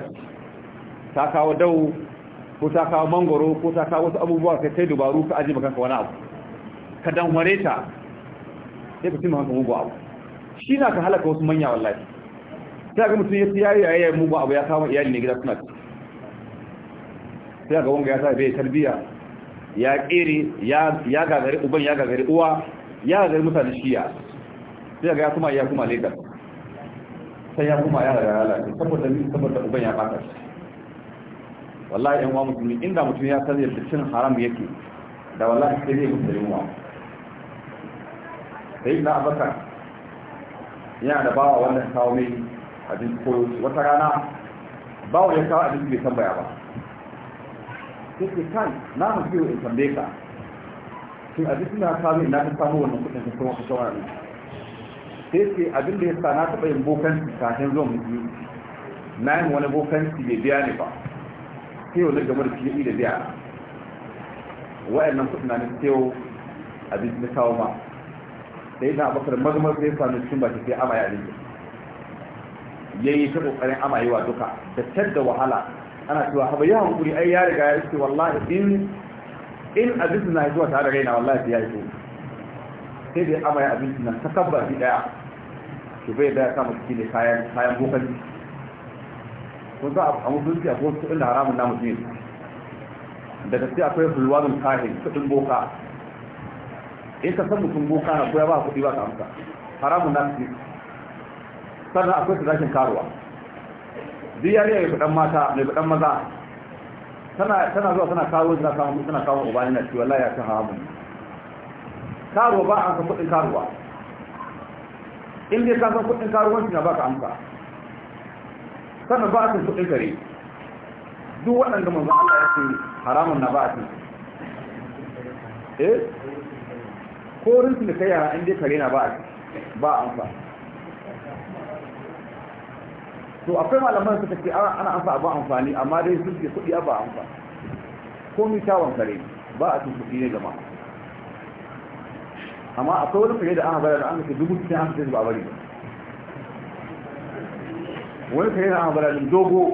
ta kawo dau ko ta kawo mangoro ko ta kawo wasu abubuwa kai kai dubaru ka aje makanka wani abu ka dan ta sai ka cimma hanka mugu abu shi na ka halaka wasu manya wallahi sai ga mutum ya siya ya yi mugu abu ya kawo iyali ne gida suna ci sai ga wanga ya sa bai tarbiya ya kere ya gagari uban ya gagari uwa ya gagari mutane shiya sai ga ya kuma ya kuma leka sai ya kuma ya riga lalace saboda ni saboda uban ya baka shi wallahi yan wa mutum inda mutum ya san yadda cin haram yake da wallahi sai zai mutum da yunwa sai na abaka yana da bawa wannan kawo mai abin koyo wata rana bawa ya kawo abin bai tambaya ba sai kan na na mutu in tambaye ka shin abin suna kawo ina ka samu wannan kudin ka kuma shawara ne sai ce abin da ya sa na taɓa yin bokansu kafin zuwa mutu na yin wani bokansu bai biya ni ba sai wani game da fiye da biya wa'annan kuɗi na nan sai abin na kawo ma sai na bakar mazmar sa sami cikin ta sai ama ya ya yi ta ƙoƙarin ama wa duka da tar da wahala ana cewa haɓa yi hankuri ai ya riga ya ce wallahi in in abin na zuwa tare da raina wallahi ya yi sai dai ama ya abin nan ta kabba ɗaya to bai da ya kama ciki ne kayan kayan bokali ko za a mutunci a kowace kudin da haramun namu ne Da sai akwai hulwanin kahin kudin boka in ka san mutum boka na koya ba kuɗi ba ka amsa haramun namu ne sannan akwai sadakin karuwa duk yariya mai kudan mata mai kudan maza tana zuwa tana kawo tana kawo tana kawo ubani na ciwo laya ta haramun karuwa ba an ka kudin karuwa in dai ka san kuɗin karuwanci na baka amsa sannan ba a cin kuɗin kare duk waɗanda manzon Allah ya ce haramun na ba a cin eh ko rinsu da kai in dai kare na ba a ba amsa to akwai malaman suka ce ana amsa ba amfani amma dai sun ce kuɗi ba amsa ko mi tawon kare ba a cin kudi ne jama'a amma akwai wani kare da aka bara da an kace dubu cikin aka ba a bari wani kare da aka bara da dogo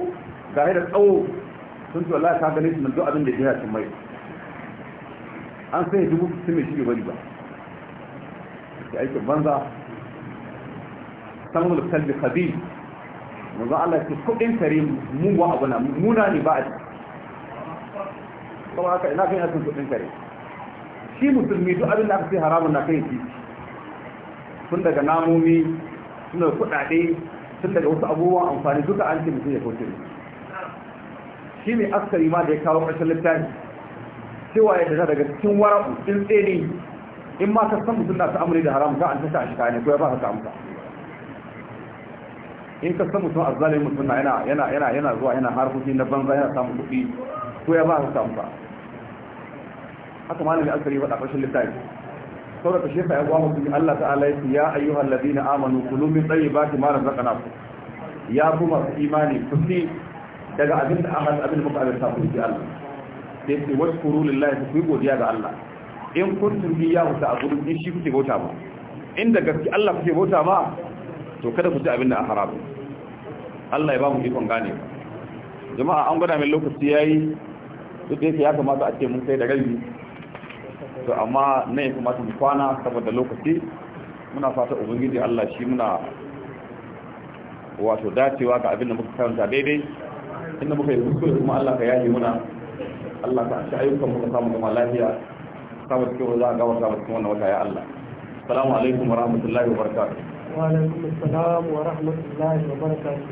ga da tsawo sun ce wallahi ka gane su nan duk abin da ya sun mai an sai dubu cikin mai shi bari ba sai aikin banza samun kalbi khabi manzo Allah ce kudin kare mu wa abu muna ne ba a saboda haka ina kai na kudin kare shi musulmi duk abin da aka sai haramun na kai ci tun daga namomi tun daga kudade tun daga wasu abubuwan amfani duka an ce mutum ya kauce ne shi ne askari ma da ya kawo ƙarshen littafi cewa ya daga daga cikin wara'u in tsere in ma ka san mutum na ta'amuli da haramun ka an tashi a shi kayan ko ya ba ka amsa in ka san mutum azzalin mutum na yana yana yana zuwa yana harkoki na banza yana samun kuɗi ko ya ba ka amsa haka malami asali faɗa fashin littafi saboda ka shefa yan uwa musulmi Allah ta'ala yake ya ayyuhal ladina amanu kulu min tayyibati ma razaqnakum ya kuma imani kulli daga abin da amal abin muka alta ku ji Allah sai ku washkuru lillahi ku godiya ga Allah in ya kuntum a ta'budun in shi kuke bauta ba in da gaske Allah kuke bauta ba to kada ku ci abin da haram Allah ya ba mu ikon gane jama'a an gwada min lokaci yi duk da yake ya kamata a ce mun sai da rabi to amma na ya kamata mu kwana saboda lokaci muna fata ubangiji Allah shi muna wato dacewa ga abin da muka karanta daidai inda muka yi kuskure kuma Allah ka yaji muna Allah ka shi ayyukan muka samu gama lafiya saboda kewa za a gawar samun cikin wannan wata ya Allah assalamu alaikum wa rahmatullahi wa barakatuh wa alaikum assalam wa rahmatullahi wa barakatuh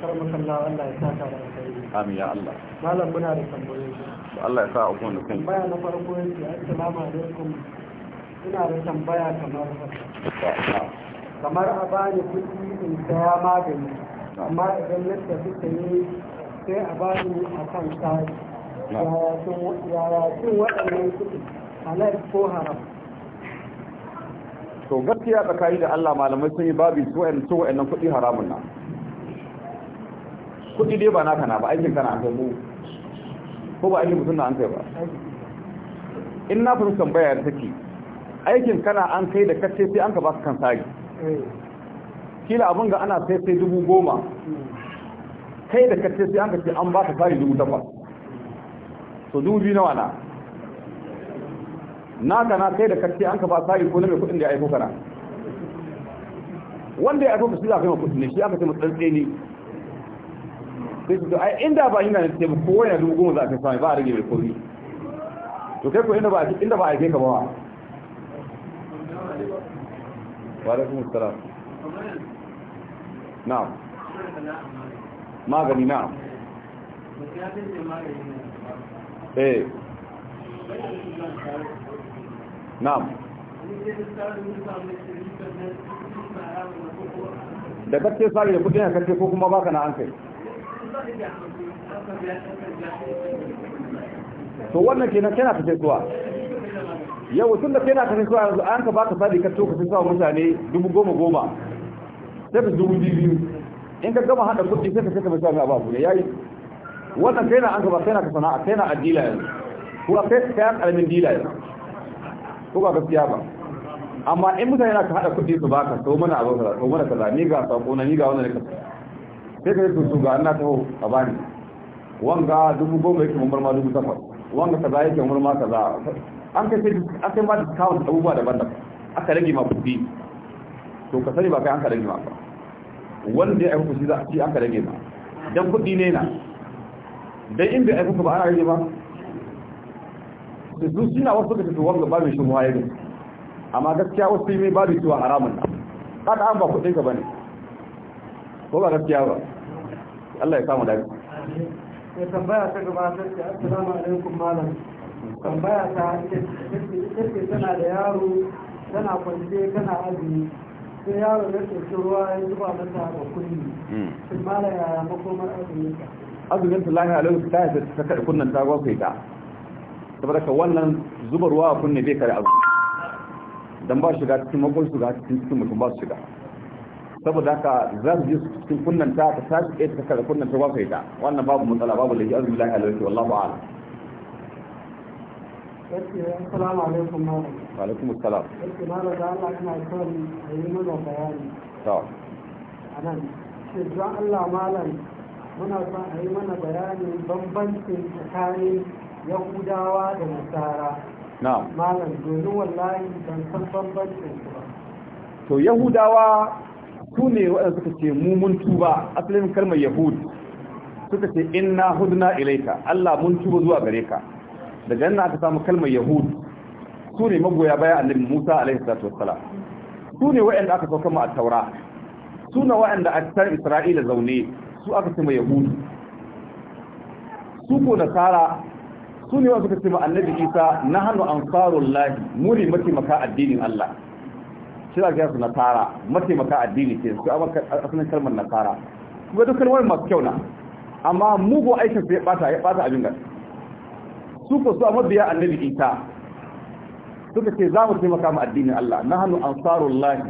karmakan Allah ya saka da alkhairi amin ya Allah malam muna da tambayoyi Allah ya sa a kowane kai baya na farko yake assalamu alaikum ina da tambaya kamar haka kamar a bani kuɗi in saya magani amma idan na tafi ta yi sai a bani a kan tsari yaya cin waɗannan kuɗi halal ko haram to gaskiya tsakani da Allah malamai sun yi babi su wa'annan kuɗi haramun na kudi dai ba naka na ba aikin kana an kai mu ko ba aikin mutum na an kai ba in na fi bayar da take aikin kana an kai da kace sai an ka baka kan sari kila abin ga ana sai sai dubu goma kai da kace sai an ka ce an baka sari dubu takwas to dubu biyu nawa na naka na kai da kace an ka ba sari ko na mai kudin da ya aiko kana wanda ya aiko ka shi za ka yi ma ne shi aka ce mu tsantseni sai su ai inda ba ina ne ba ko wani dubu goma za a kai sami ba a rage mai komi to kai ko inda ba inda ba a kai ka ba wa alaikum assalam na'am magani na'am eh na'am da kacce sari da kudin a kacce ko kuma baka na hankali to wannan kenan kana fice zuwa yau tun da kana fice zuwa yanzu an ka baka ka to ka fice suwa mutane dubu goma goma sai ka dubu biyu in ka gama hada kuɗi sai ka saka mai abu ne ku yayi wannan kai an ka ba kai na ka sana'a a na addila yanzu ko a kai kayan karamin dila yanzu ko ba gaskiya ba amma in mutane na ka hada kuɗi su baka to mana abin kaza to mana kaza ni ga sako na ni ga wannan ne ka sai ka yi tutu ga ta taho a bani wanga dubu goma yake mamar ma dubu takwas wanga kaza yake mamar ma kaza an kai sai an kai ma discount abubuwa daban-daban aka rage ma kudi to ka sani ba kai an ka rage ma ba wanda ya aiki kuɗi za a ci an ka rage ma dan kudi ne na dan in bai aiki ba ana rage ma su suna wasu ka tafi wanga ba mai shi muhayyar amma gaskiya wasu yi mai ba da cewa haramun na kada an ba kuɗin ka bane ko ba gaskiya ba Allah ya samu dadi ya tambaya ta gaba ta ce assalamu alaikum malam tambaya ta ce tana da yaro tana kwance tana azumi sai yaro ya ɗauki ruwa ya zuba mata a kunni hmm. shi mala ya makomar azumin ka azumin ta lahiya alaihi ta yi ta kaɗa kunnan ta gwafe ta saboda ka wannan zuba a kunne bai kare abu dan ba shiga cikin makon shiga cikin cikin mutum ba shiga saboda haka za su je cikin kunnan ta ta tashi ɗaya ta kada kunnan ta ba sai ta wannan babu matsala babu laifi da ji'ar billahi alaihi wallahu a'lam assalamu alaikum malam wa alaikum assalam yake malam da Allah ina son a yi mana bayani A nan shi da Allah malam muna son a yi mana bayanin bambancin tsakanin yahudawa da nasara na'am malam domin wallahi ban san bambancin ba to yahudawa su ne waɗanda suka ce mu mun tuba asalin kalmar yahud suka ce inna hudna ilaika Allah mun tuba zuwa gare ka daga nan aka samu kalmar yahud su ne magoya baya annabi Musa alaihi salatu wassalam su ne waɗanda aka sauka mu a taura su ne waɗanda a cikin Isra'ila zaune su aka ce mai yahud su ko nasara su ne waɗanda suka ce mu annabi Isa nahnu ansarullahi mu ne mataimaka addinin Allah shi za ka su nasara mataimaka addini ce su asalin kalmar nasara kuma duk kalmar masu kyau na amma mugu aikin su ya bata ya bata abin gaske su ko su a mabiya annabi isa suka ce za mu taimaka mu addinin Allah na hannu ansarullahi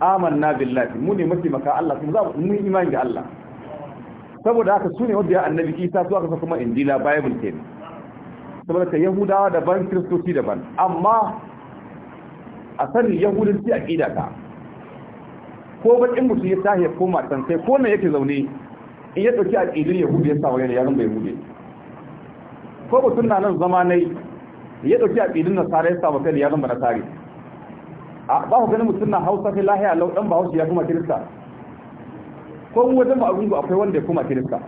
amanna billahi mu ne mataimaka Allah kuma za mu yi imani ga Allah saboda haka su ne mabiya annabi isa su aka kuma injila bible kenan saboda ka yahudawa daban kiristoci daban amma a sanin yahudanci a ƙidata ko baƙin mutum ya tahi ya koma can sai ko na yake zaune in ya ɗauki ƙidin yahudu ya sa wani yaran bai hude ko mutum na nan zama nai ya ɗauki na nasara ya sa wa kai yaron ba nasari a ba ku ganin mutum na hausa sai lahiya lau ɗan ba hausa ya kuma kirista ko mu wajen ba gungu akwai wanda ya kuma kirista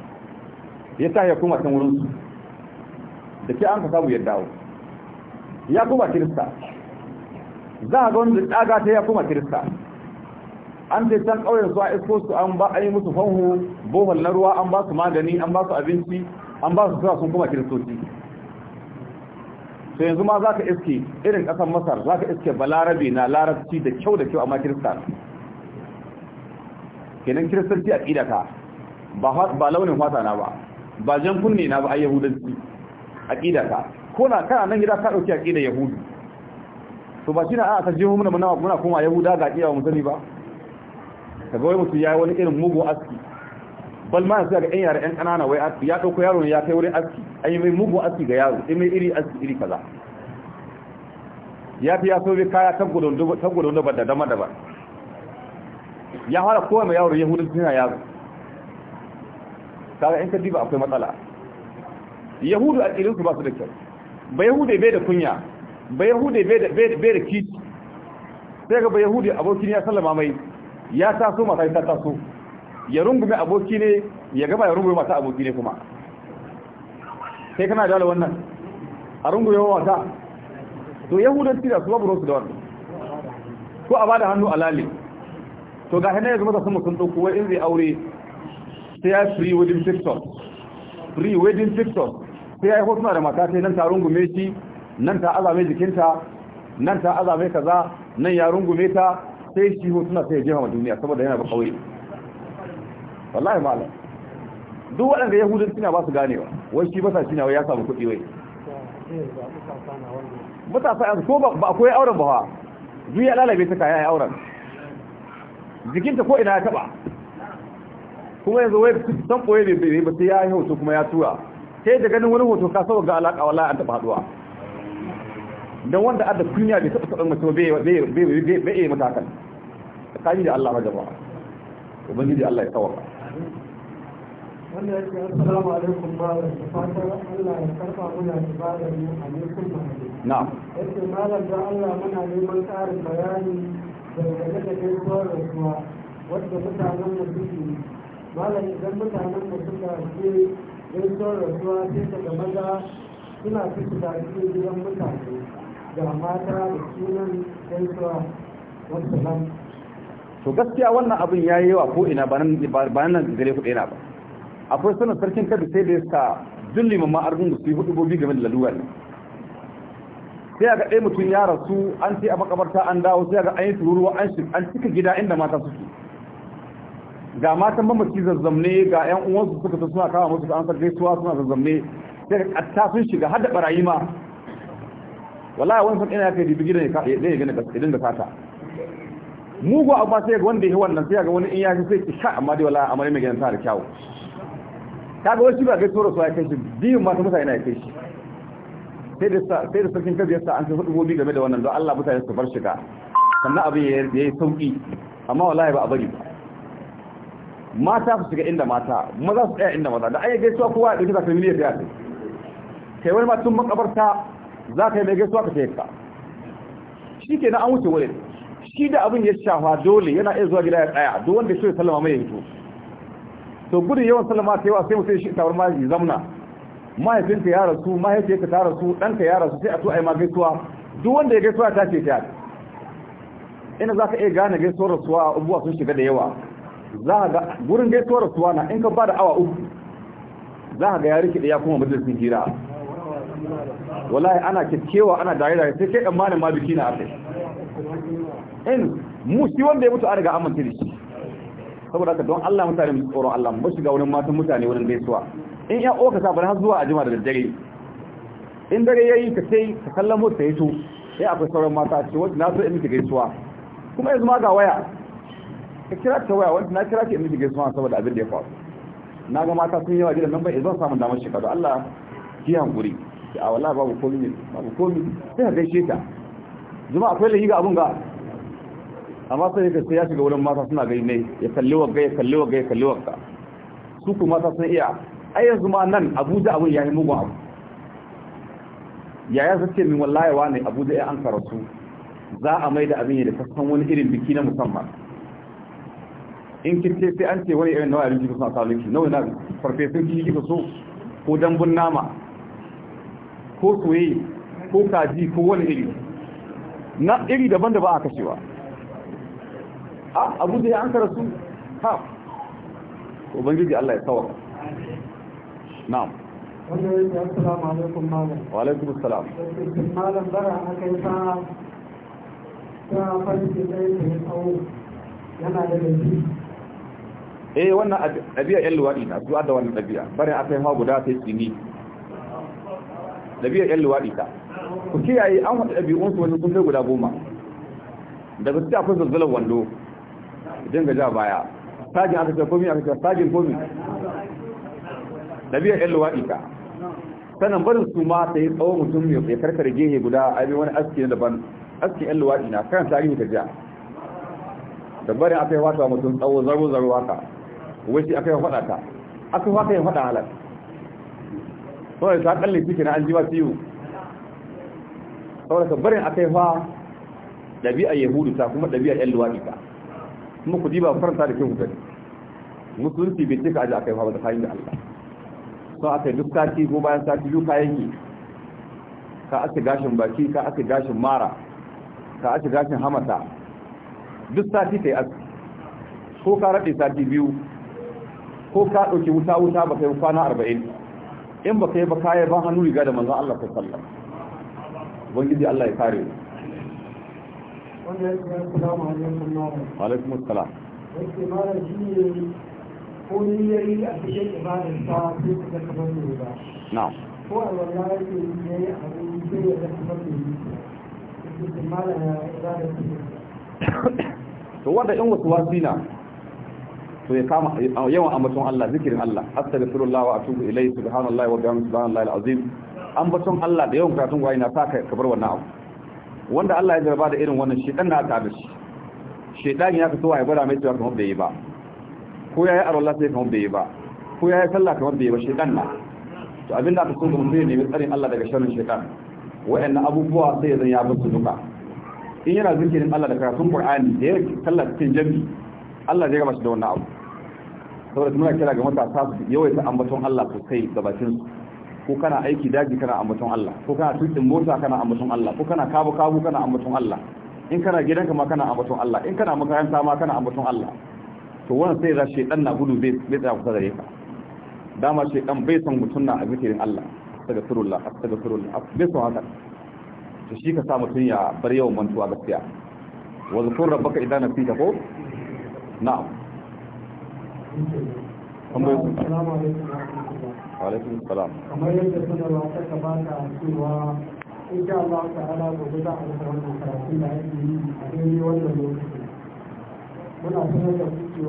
ya tahi ya koma can wurinsu da ke an ka samu ya dawo ya kuma kirista za a ga wanda daga ta ya kuma kirista an ce can ƙauyen su a isko su an ba an yi musu fanhu bohol na ruwa an ba su magani an ba su abinci an ba su sura sun kuma kiristoci to yanzu ma za ka iske irin kasan masar za ka iske balarabe na larabci da kyau da kyau amma kirista kenan kiristoci a ƙidata ba launin fata na ba ba jan kunne na ba a yahudanci a ƙidata ko na kana nan gida ka ɗauki a ƙida yahudu to ba shine a aka jiho muna muna muna koma yahuda ga kiyawa mu sani ba ga wai mutum yayi wani irin mugu aski bal ma sai ga ɗan yara ɗan ƙanana wai aski ya ɗauko yaro ya kai wurin aski an yi mai mugu aski ga yaro sai mai iri aski iri kaza ya fi ya so bai kaya ta gudun duba da dama daban ya fara kowa mai yaro yahudun suna yaro kaga in ka diba akwai matsala yahudu a tsirinsu ba su da kyau ba yahudu bai da kunya ba yahude bai da kit sai ga ba yahude aboki ya sallama mai ya taso mata ta taso ya rungume aboki ne ya gaba ya rungume mata aboki ne kuma sai kana da wannan a rungume wata to yahudanci da su babu su da wannan ko a bada hannu alali to ga ya zama da sun mutum ɗauko wai in zai aure sai ya free wedding pictures free wedding pictures sai ya yi hotuna da mata sai nan taron rungume shi nan ta azame jikinta nan ta azame kaza nan ya rungume ta sai shi hotuna sai ya jefa duniya saboda yana ba kawai wallahi malam duk waɗanda yahudun suna ba su ganewa wai shi sa shi wai ya samu kuɗi wai matasa yanzu ko ba akwai auren ba duk ya lalabe ta kaya ya auren jikinta ko ina ya taɓa kuma yanzu wai san ɓoye ne ba sai ya yi hoto kuma ya tura sai da ganin wani hoto ka saboda ga alaƙa wallahi an taɓa haɗuwa don wanda adda kunya bai taɓa taɓa mutum bai yi mata tsakani da Allah rajaba da Allah ya kawaka wanda ya ce assalamu alaikum ba da fatan Allah ya karfa a malam neman ƙarin bayani da wadda mutanen idan mutanen suka rasuwa sai daga maza suna fita gidan mutane ga mata da sunan gaisuwa wasu to gaskiya wannan abin ya yi yawa ko ina ba nan gare ku na ba akwai sanar sarkin kabi sai da ya sa julli mamma argun da su yi hudu gobi game da laluwa ne sai a ga ɗaya mutum ya rasu an ce a makabarta an dawo sai a ga an yi tururuwa an cika gida inda mata suke ga matan mamaci zazzamne ga 'yan uwansu suka ta suna kama musu an sa gaisuwa suna zazzamne sai ga ƙatta sun shiga hada da ma wallahi wani san ina kai dibi gidan ya gane ka idan da fata go abu sai ga wanda ya wannan sai ga wani in ya sai ki sha amma dai wallahi amma mai gidan ta da kyawu kaga wasu ba gaisuwar su ya kai shi biyu ma ta mutane na kai shi sai da sai da sarkin kabi yasa an sai hudu gobi game da wannan don Allah mutane su bar shiga sannan abin ya yi sauki amma wallahi ba a bari ba mata su shiga inda mata maza su tsaya inda maza da ayyuka gaisuwa kowa da kisa kamiliyar ya kai wani ma tun makabarta za ka yi mai gaisuwa ka ka shi ke na an wuce wurin shi da abin ya shafa dole yana iya zuwa gida ya tsaya duk wanda shi sallama mai hito to gudun yawan sallama ta yawa sai mutum shi tawar ma yi zamna mahaifinka ya rasu mahaifiyarka ta rasu ɗanka ya rasu sai a so a yi ma gaisuwa duk wanda ya gaisuwa ta ce ta ina za ka iya gane gaisuwar rasuwa abubuwa sun shiga da yawa za ka ga gurin gaisuwar rasuwa na in ka ba da awa uku za ka ga ya rikide ya kuma majalisin hira wallahi ana kekewa ana dare dare sai kai tsammanin ma biki na akai in mu shi wanda ya mutu an riga amince da shi saboda haka don Allah mutane mu tsoron Allah mu shiga wurin matan mutane wurin gaisuwa in ya oka sa bar har zuwa ajima da daddare in dare yayi ka sai ka kallon mu sai to sai akwai sauran mata ce wanda na so in miki gaisuwa kuma yanzu ma ga waya ka kira ta waya wanda na kira ki in miki gaisuwa saboda abin da ya faru na ga mata sun yawa gidan nan ba idan samun damar shekaru Allah ki hankuri ce a wallahi babu komi ne babu komi sai ka gaishe ta zuma akwai lahi ga abun ga amma sai ka sai ya shiga wurin mata suna gai ne ya kalli wagga ya kalli wagga ya kalli wagga su kuma mata sun iya ai yanzu ma nan Abuja abun yayi mugun abu yaya ce min wallahi wani Abuja ya an karatu za a mai da abin da kasan wani irin biki na musamman in kirce sai an ce wani irin nawa abinci kusa kawo liki nawa na farfesun kiji kika so ko dambun nama ko soye ko kaji ko wani iri na iri daban da ba a kashewa a abu da ya an su ha ubangiji Allah ya tsawaka na'am ya ce alaikum yi ya yana da eh wannan abiya yan luwaɗi na zuwa da wannan ɗabi'a bari akai kai ha guda ta yi tsini ɗabi'ar yan luwaɗi ta ku kiyaye an haɗu ɗabi'un su wani sun kai guda goma daga cikin akwai zalzalar wando idan ga ja baya sajin aka ce komi aka ce sajin komi ɗabi'ar yan luwaɗi ta sannan barin su ma ta yi tsawon mutum ya karkar gehe guda a yi wani aski na daban askin yan luwaɗi na kan tarihi ta ja da barin aka yi wata mutum tsawo zaro zaro haka wai shi aka yi faɗa ta aka yi faɗa yin da ta kalle fi na an ji ba da saboda aka yi fa ɗabi'a yahudu ta kuma ɗabi'a yan luwaɗi ta kuma ku diba faranta da ke gani musulunci bai cika aji yi fa ba da kayan da Allah aka yi duk sati ko bayan sati duk kayanki ka ake gashin baki ka ake gashin mara ka ake gashin hamata duk sati yi aski ko ka raɗe sati biyu ko ka ɗauki wuta wuta ba kai kwana arba'in. in ba kai ba kaya ba hannu riga da manzon Allah sallallahu alaihi wasallam ubangiji Allah ya kare wannan mara a cikin ibadar sa sai ne ba na'am ko a cikin ya kafa yi yake mara ibadar to wanda in wasu wasina to ya kama yawan ambaton Allah zikirin Allah astaghfirullah wa atubu ilayhi subhanallahi wa bihamdihi subhanallahi alazim ambaton Allah da yawan karatun na sa ka kabar wannan abu wanda Allah ya jarba da irin wannan shedan na ta da shedan ya fito ya gwada mai cewa kamar bai yi ba ko yayi arwala sai kamar bai yi ba ko yayi sallah kamar bai yi ba shedan na to abinda aka so ga mutum ne mai tsarin Allah daga sharrin shedan wayannan abubuwa sai zan ya bar su duka in yana zikirin Allah da karatun Qur'ani da yake sallah cikin jami'i Allah zai gama shi da wannan abu saboda muna kira ga matasa su yawaita ambaton Allah sosai da bakin su ko kana aiki daji kana ambaton Allah ko kana tukin mota kana ambaton Allah ko kana kabu kabu kana ambaton Allah in kana gidanka ma kana ambaton Allah in kana makaranta ma kana ambaton Allah to wannan sai da shi dan na gudu bai bai da kusa da yaka dama shi dan bai son mutun na azikirin Allah astaghfirullah surullah bai son haka to shi ka sa mutun ya bar yawan mantuwa gaskiya wa zkur rabbaka idan nasita ko na'am alaikum kamar yadda sanarwa ta gabata cewa insha Allah ta'ala gobe za a da ake a wannan muna sanar da ku